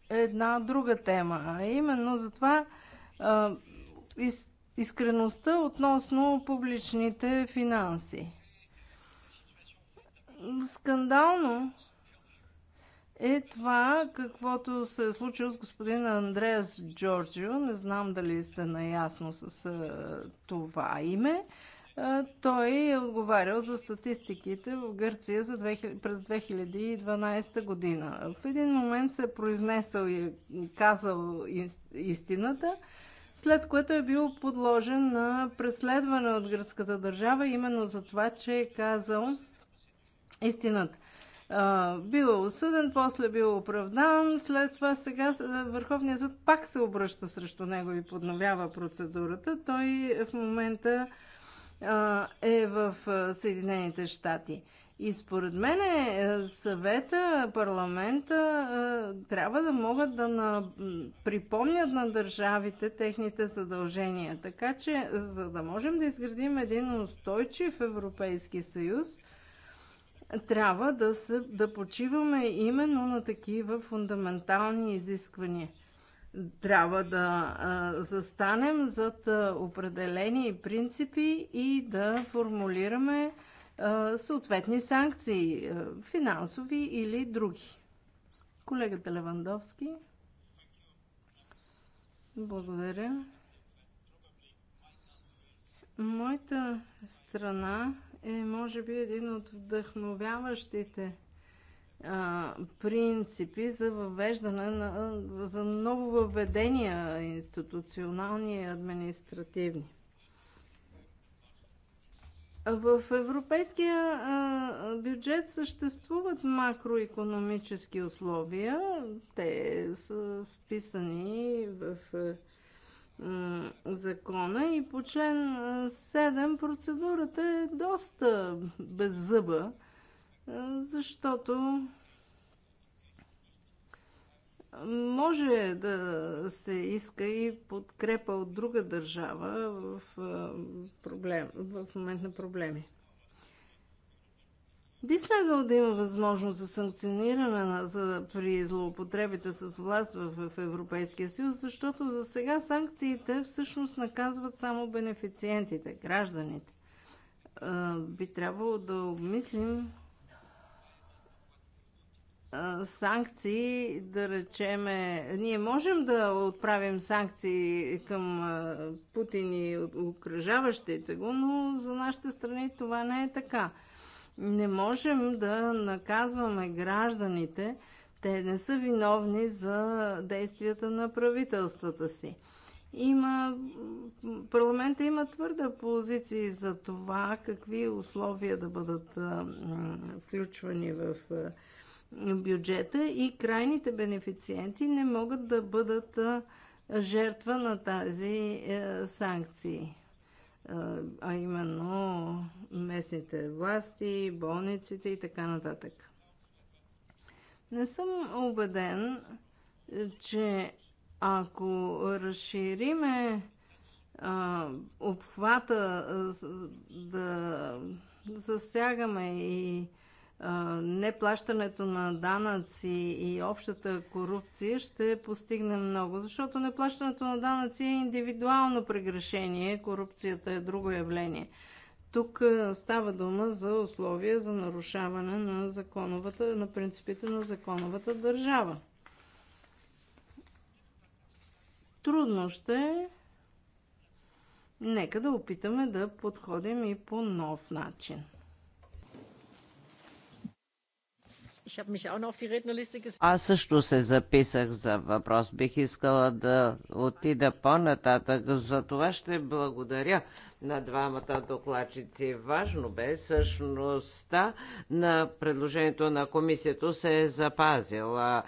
една друга тема, а именно за това искреността относно публичните финанси. Скандално е това, каквото се е случило с господин Андреас Джорджио. Не знам дали сте наясно с това име. Той е отговарял за статистиките в Гърция за 2000, през 2012 година. В един момент се е произнесъл и казал истината, след което е бил подложен на преследване от гръцката държава, именно за това, че е казал истината. Бил е осъден, после бил оправдан, след това сега Върховният съд пак се обръща срещу него и подновява процедурата. Той в момента е в Съединените щати. И според мен е, съвета, парламента е, трябва да могат да на... припомнят на държавите техните задължения. Така че, за да можем да изградим един устойчив Европейски съюз, трябва да, се, да почиваме именно на такива фундаментални изисквания. Трябва да а, е, застанем зад определени принципи и да формулираме съответни санкции, финансови или други. Колегата Левандовски. Благодаря. Моята страна е, може би, един от вдъхновяващите а, принципи за въвеждане на, за нововъведения институционални и административни. В европейския бюджет съществуват макроекономически условия. Те са вписани в закона и по член 7 процедурата е доста беззъба, защото може да се иска и подкрепа от друга държава в, проблем, в момент на проблеми. Би следвало да има възможност за санкциониране на, за, при злоупотребите с власт в, в Европейския съюз, защото за сега санкциите всъщност наказват само бенефициентите, гражданите. би трябвало да обмислим санкции, да речеме, ние можем да отправим санкции към Путин и окръжаващите го, но за нашите страни това не е така. Не можем да наказваме гражданите, те не са виновни за действията на правителствата си. Има, парламента има твърда позиции за това какви условия да бъдат включвани в бюджета и крайните бенефициенти не могат да бъдат жертва на тази е, санкции. А именно местните власти, болниците и така нататък. Не съм убеден, е, че ако разшириме а, обхвата а, да засягаме и неплащането на данъци и общата корупция ще постигне много, защото неплащането на данъци е индивидуално прегрешение, корупцията е друго явление. Тук става дума за условия за нарушаване на, законовата, на принципите на законовата държава. Трудно ще е. Нека да опитаме да подходим и по нов начин. Аз също се записах за въпрос. Бих искала да отида по-нататък. За това ще благодаря на двамата докладчици. Важно бе същността на предложението на комисията се е запазила.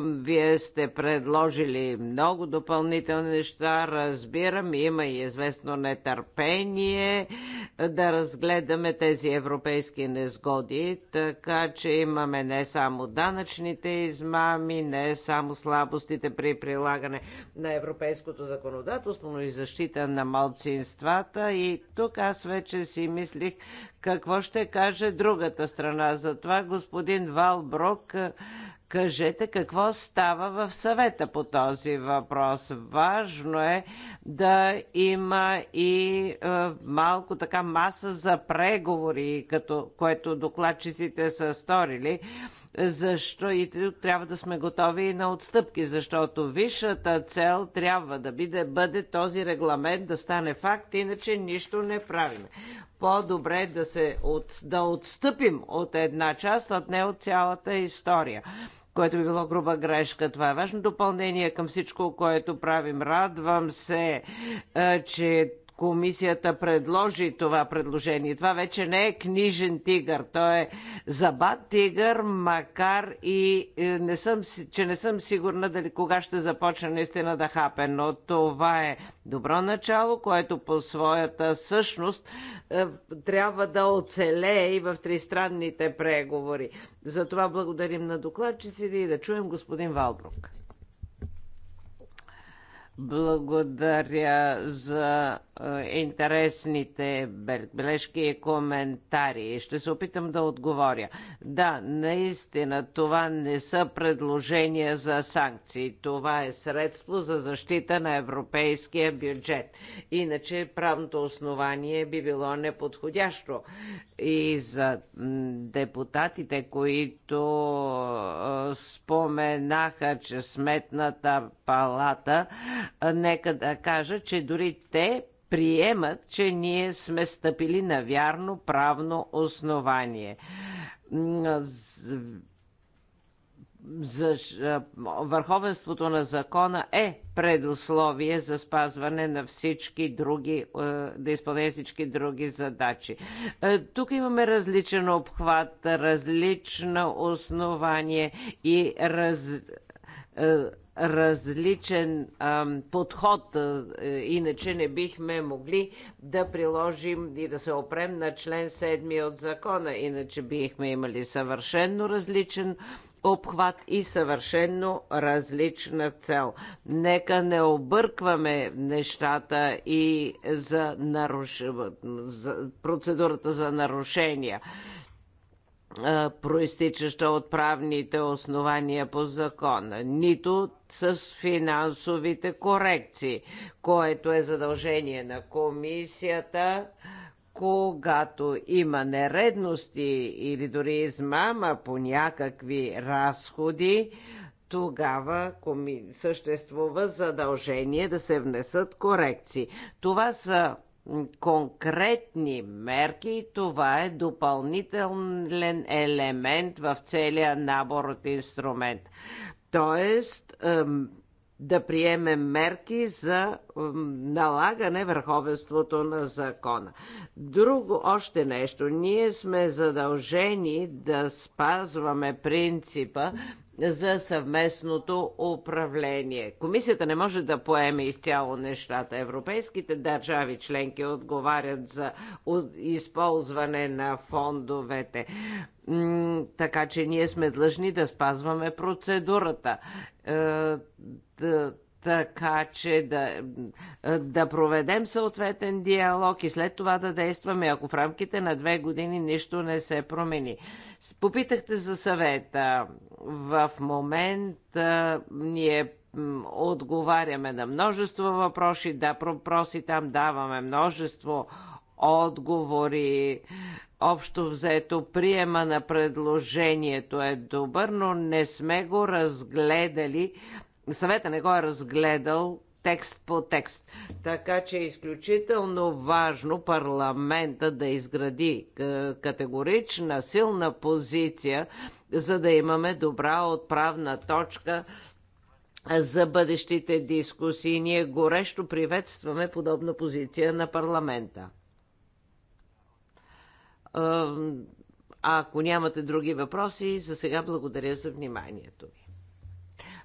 Вие сте предложили много допълнителни неща, разбирам, има и известно нетърпение да разгледаме тези европейски незгоди, така че имаме не само данъчните измами, не само слабостите при прилагане на европейското законодателство, но и защита на малцинства, страната и тук аз вече си мислих какво ще каже другата страна. Затова господин Валброк Кажете какво става в съвета по този въпрос. Важно е да има и е, малко така маса за преговори, като, което докладчиците са сторили. Защо и трябва да сме готови и на отстъпки, защото висшата цел трябва да биде, бъде този регламент да стане факт, иначе нищо не правим. По-добре да, се от, да отстъпим от една част, от не от цялата история което би било груба грешка. Това е важно допълнение към всичко, което правим. Радвам се, че комисията предложи това предложение. Това вече не е книжен тигър, то е забат тигър, макар и е, не съм, че не съм сигурна дали кога ще започне наистина да хапе, но това е добро начало, което по своята същност е, трябва да оцелее и в тристранните преговори. Затова благодарим на докладчиците и да чуем господин Валбрук. Благодаря за е, интересните бележки и коментари. Ще се опитам да отговоря. Да, наистина това не са предложения за санкции. Това е средство за защита на европейския бюджет. Иначе правното основание би било неподходящо. И за депутатите, които е, споменаха, че сметната палата Нека да кажа, че дори те приемат, че ние сме стъпили на вярно правно основание за върховенството на закона е предусловие за спазване на всички други, да изпълнява всички други задачи. Тук имаме различен обхват, различно основание и раз, е, различен а, подход, а, е, иначе не бихме могли да приложим и да се опрем на член 7 от закона, иначе бихме имали съвършенно различен обхват и съвършенно различна цел. Нека не объркваме нещата и за, наруш... за процедурата за нарушения проистичаща от правните основания по закона, нито с финансовите корекции, което е задължение на комисията, когато има нередности или дори измама по някакви разходи, тогава съществува задължение да се внесат корекции. Това са конкретни мерки. Това е допълнителен елемент в целия набор от инструмент. Тоест, да приемем мерки за налагане върховенството на закона. Друго още нещо. Ние сме задължени да спазваме принципа за съвместното управление. Комисията не може да поеме изцяло нещата. Европейските държави членки отговарят за използване на фондовете. Така че ние сме длъжни да спазваме процедурата е, така че да, да проведем съответен диалог и след това да действаме, ако в рамките на две години нищо не се промени. Попитахте за съвета. В момента ние отговаряме на множество въпроси, да, въпроси там даваме множество отговори. Общо взето приема на предложението е добър, но не сме го разгледали съвета не го е разгледал текст по текст. Така че е изключително важно парламента да изгради е, категорична, силна позиция, за да имаме добра отправна точка за бъдещите дискусии. Ние горещо приветстваме подобна позиция на парламента. А ако нямате други въпроси, за сега благодаря за вниманието ви.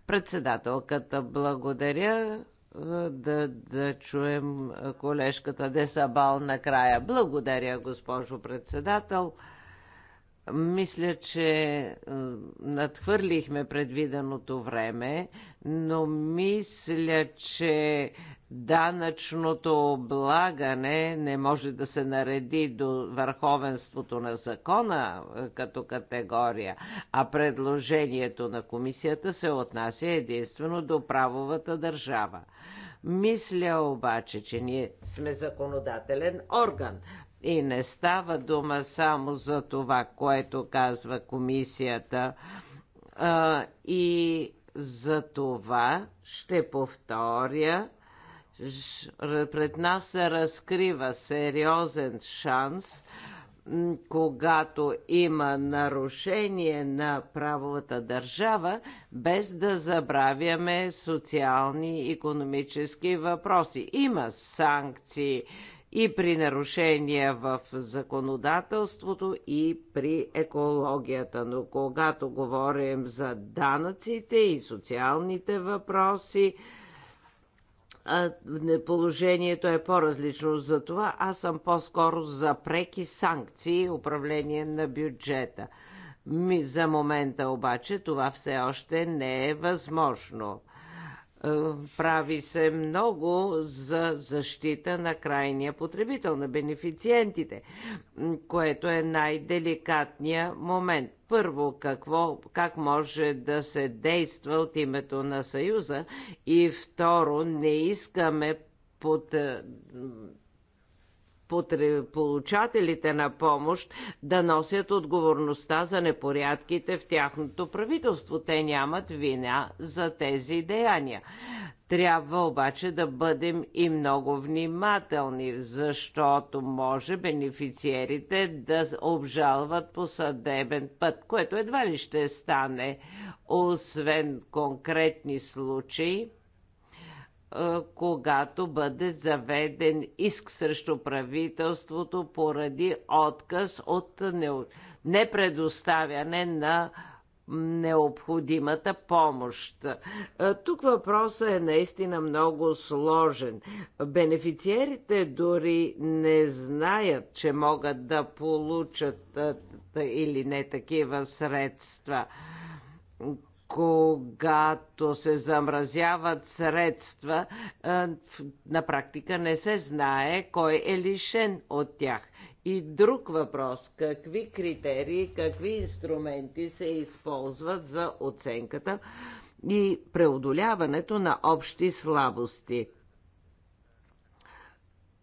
Председателката, благодаря да, да чуем колежката Десабал накрая. Благодаря, госпожо председател. Мисля, че надхвърлихме предвиденото време, но мисля, че данъчното облагане не може да се нареди до върховенството на закона като категория, а предложението на комисията се отнася единствено до правовата държава. Мисля обаче, че ние сме законодателен орган. И не става дума само за това, което казва комисията. А, и за това ще повторя, пред нас се разкрива сериозен шанс, когато има нарушение на правовата държава, без да забравяме социални и економически въпроси. Има санкции и при нарушения в законодателството и при екологията. Но когато говорим за данъците и социалните въпроси, положението е по-различно. Затова аз съм по-скоро за преки санкции и управление на бюджета. Ми, за момента обаче това все още не е възможно. Е, прави се много за защита на крайния потребител, на бенефициентите, което е най-деликатният момент. Първо, какво, как може да се действа от името на Съюза и второ, не искаме под получателите на помощ да носят отговорността за непорядките в тяхното правителство. Те нямат вина за тези деяния. Трябва обаче да бъдем и много внимателни, защото може бенефициерите да обжалват по съдебен път, което едва ли ще стане, освен конкретни случаи е, когато бъде заведен иск срещу правителството поради отказ от непредоставяне на необходимата помощ. Е, тук въпросът е наистина много сложен. Бенефициерите дори не знаят, че могат да получат е, или не такива средства когато се замразяват средства, е, на практика не се знае кой е лишен от тях. И друг въпрос – какви критерии, какви инструменти се използват за оценката и преодоляването на общи слабости?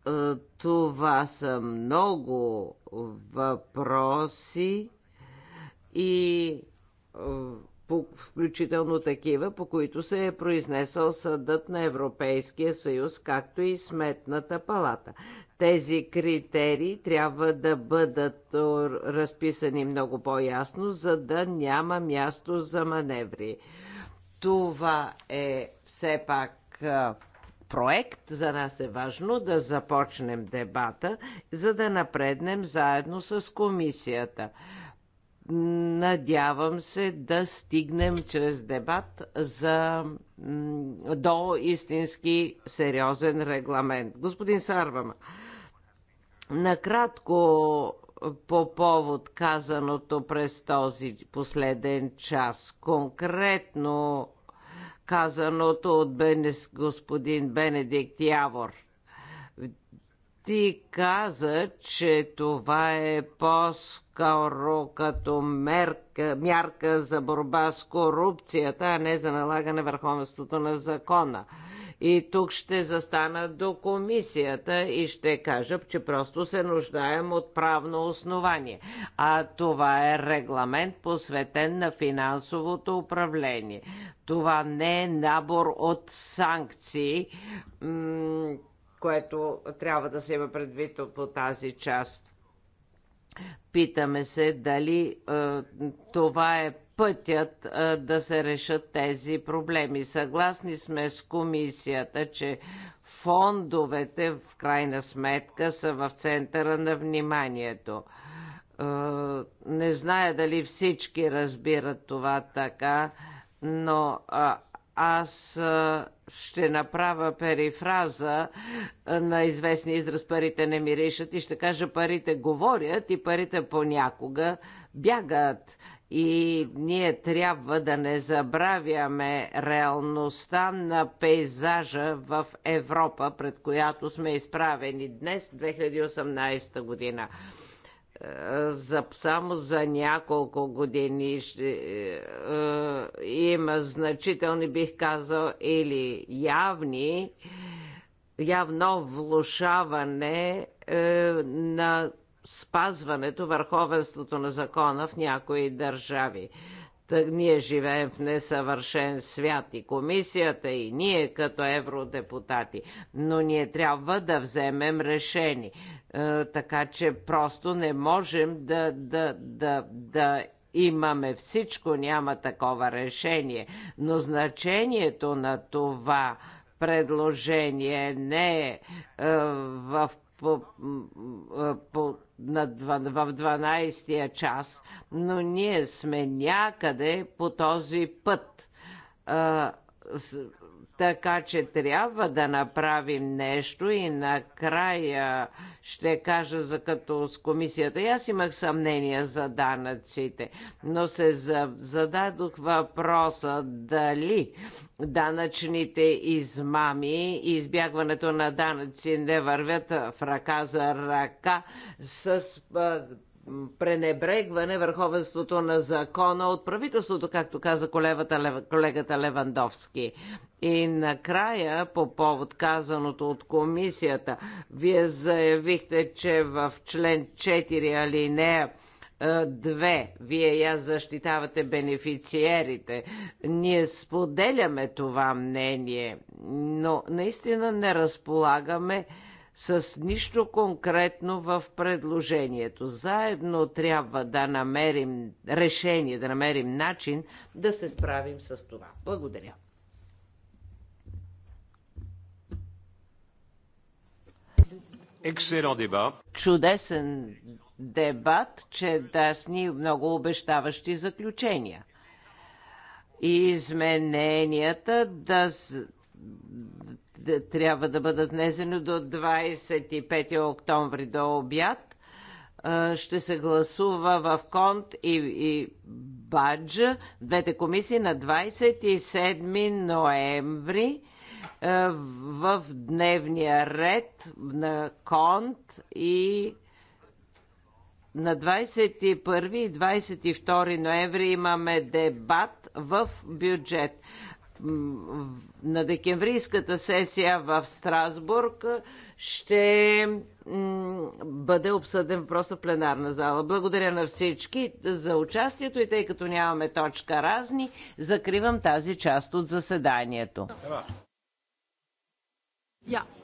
Е, това са много въпроси и е, включително такива, по които се е произнесъл съдът на Европейския съюз, както и Сметната палата. Тези критерии трябва да бъдат разписани много по-ясно, за да няма място за маневри. Това е все пак проект. За нас е важно да започнем дебата, за да напреднем заедно с комисията. Надявам се да стигнем чрез дебат за, до истински сериозен регламент. Господин Сарвама, накратко по повод казаното през този последен час, конкретно казаното от господин Бенедикт Явор ти каза, че това е по-скоро като мерка, мярка за борба с корупцията, а не за налагане върховенството на закона. И тук ще застана до комисията и ще кажа, че просто се нуждаем от правно основание. А това е регламент посветен на финансовото управление. Това не е набор от санкции което трябва да се има предвид по тази част. Питаме се дали е, това е пътят е, да се решат тези проблеми. Съгласни сме с комисията, че фондовете в крайна сметка са в центъра на вниманието. Е, не зная дали всички разбират това така, но аз ще направя перифраза на известния израз парите не миришат и ще кажа парите говорят и парите понякога бягат. И ние трябва да не забравяме реалността на пейзажа в Европа, пред която сме изправени днес, 2018 година за, само за няколко години ще, е, е, има значителни, бих казал, или явни, явно влушаване е, на спазването, върховенството на закона в някои държави. Так, ние живеем в несъвършен свят и комисията, и ние като евродепутати, но ние трябва да вземем решение. Е, така че просто не можем да, да, да, да имаме всичко, няма такова решение. Но значението на това, предложение не е, е в по, е, по, на, в 12-я час, но ние сме някъде по този път. А, е, с, така че трябва да направим нещо и накрая ще кажа за като с комисията. И аз имах съмнение за данъците, но се зададох въпроса дали данъчните измами и избягването на данъци не вървят в ръка за ръка с пренебрегване върховенството на закона от правителството, както каза колевата, колегата Левандовски. И накрая, по повод казаното от комисията, вие заявихте, че в член 4 алинея 2, е, Вие я защитавате бенефициерите. Ние споделяме това мнение, но наистина не разполагаме с нищо конкретно в предложението. Заедно трябва да намерим решение, да намерим начин да се справим с това. Благодаря. дебат. Чудесен дебат, че ни много обещаващи заключения. И измененията да трябва да бъдат внесени до 25 октомври до обяд. Ще се гласува в Конт и, и Бадж, двете комисии, на 27 ноември в дневния ред на Конт и на 21 и 22 ноември имаме дебат в бюджет на декемврийската сесия в Страсбург ще бъде обсъден въпрос в пленарна зала. Благодаря на всички за участието и тъй като нямаме точка разни, закривам тази част от заседанието. Yeah.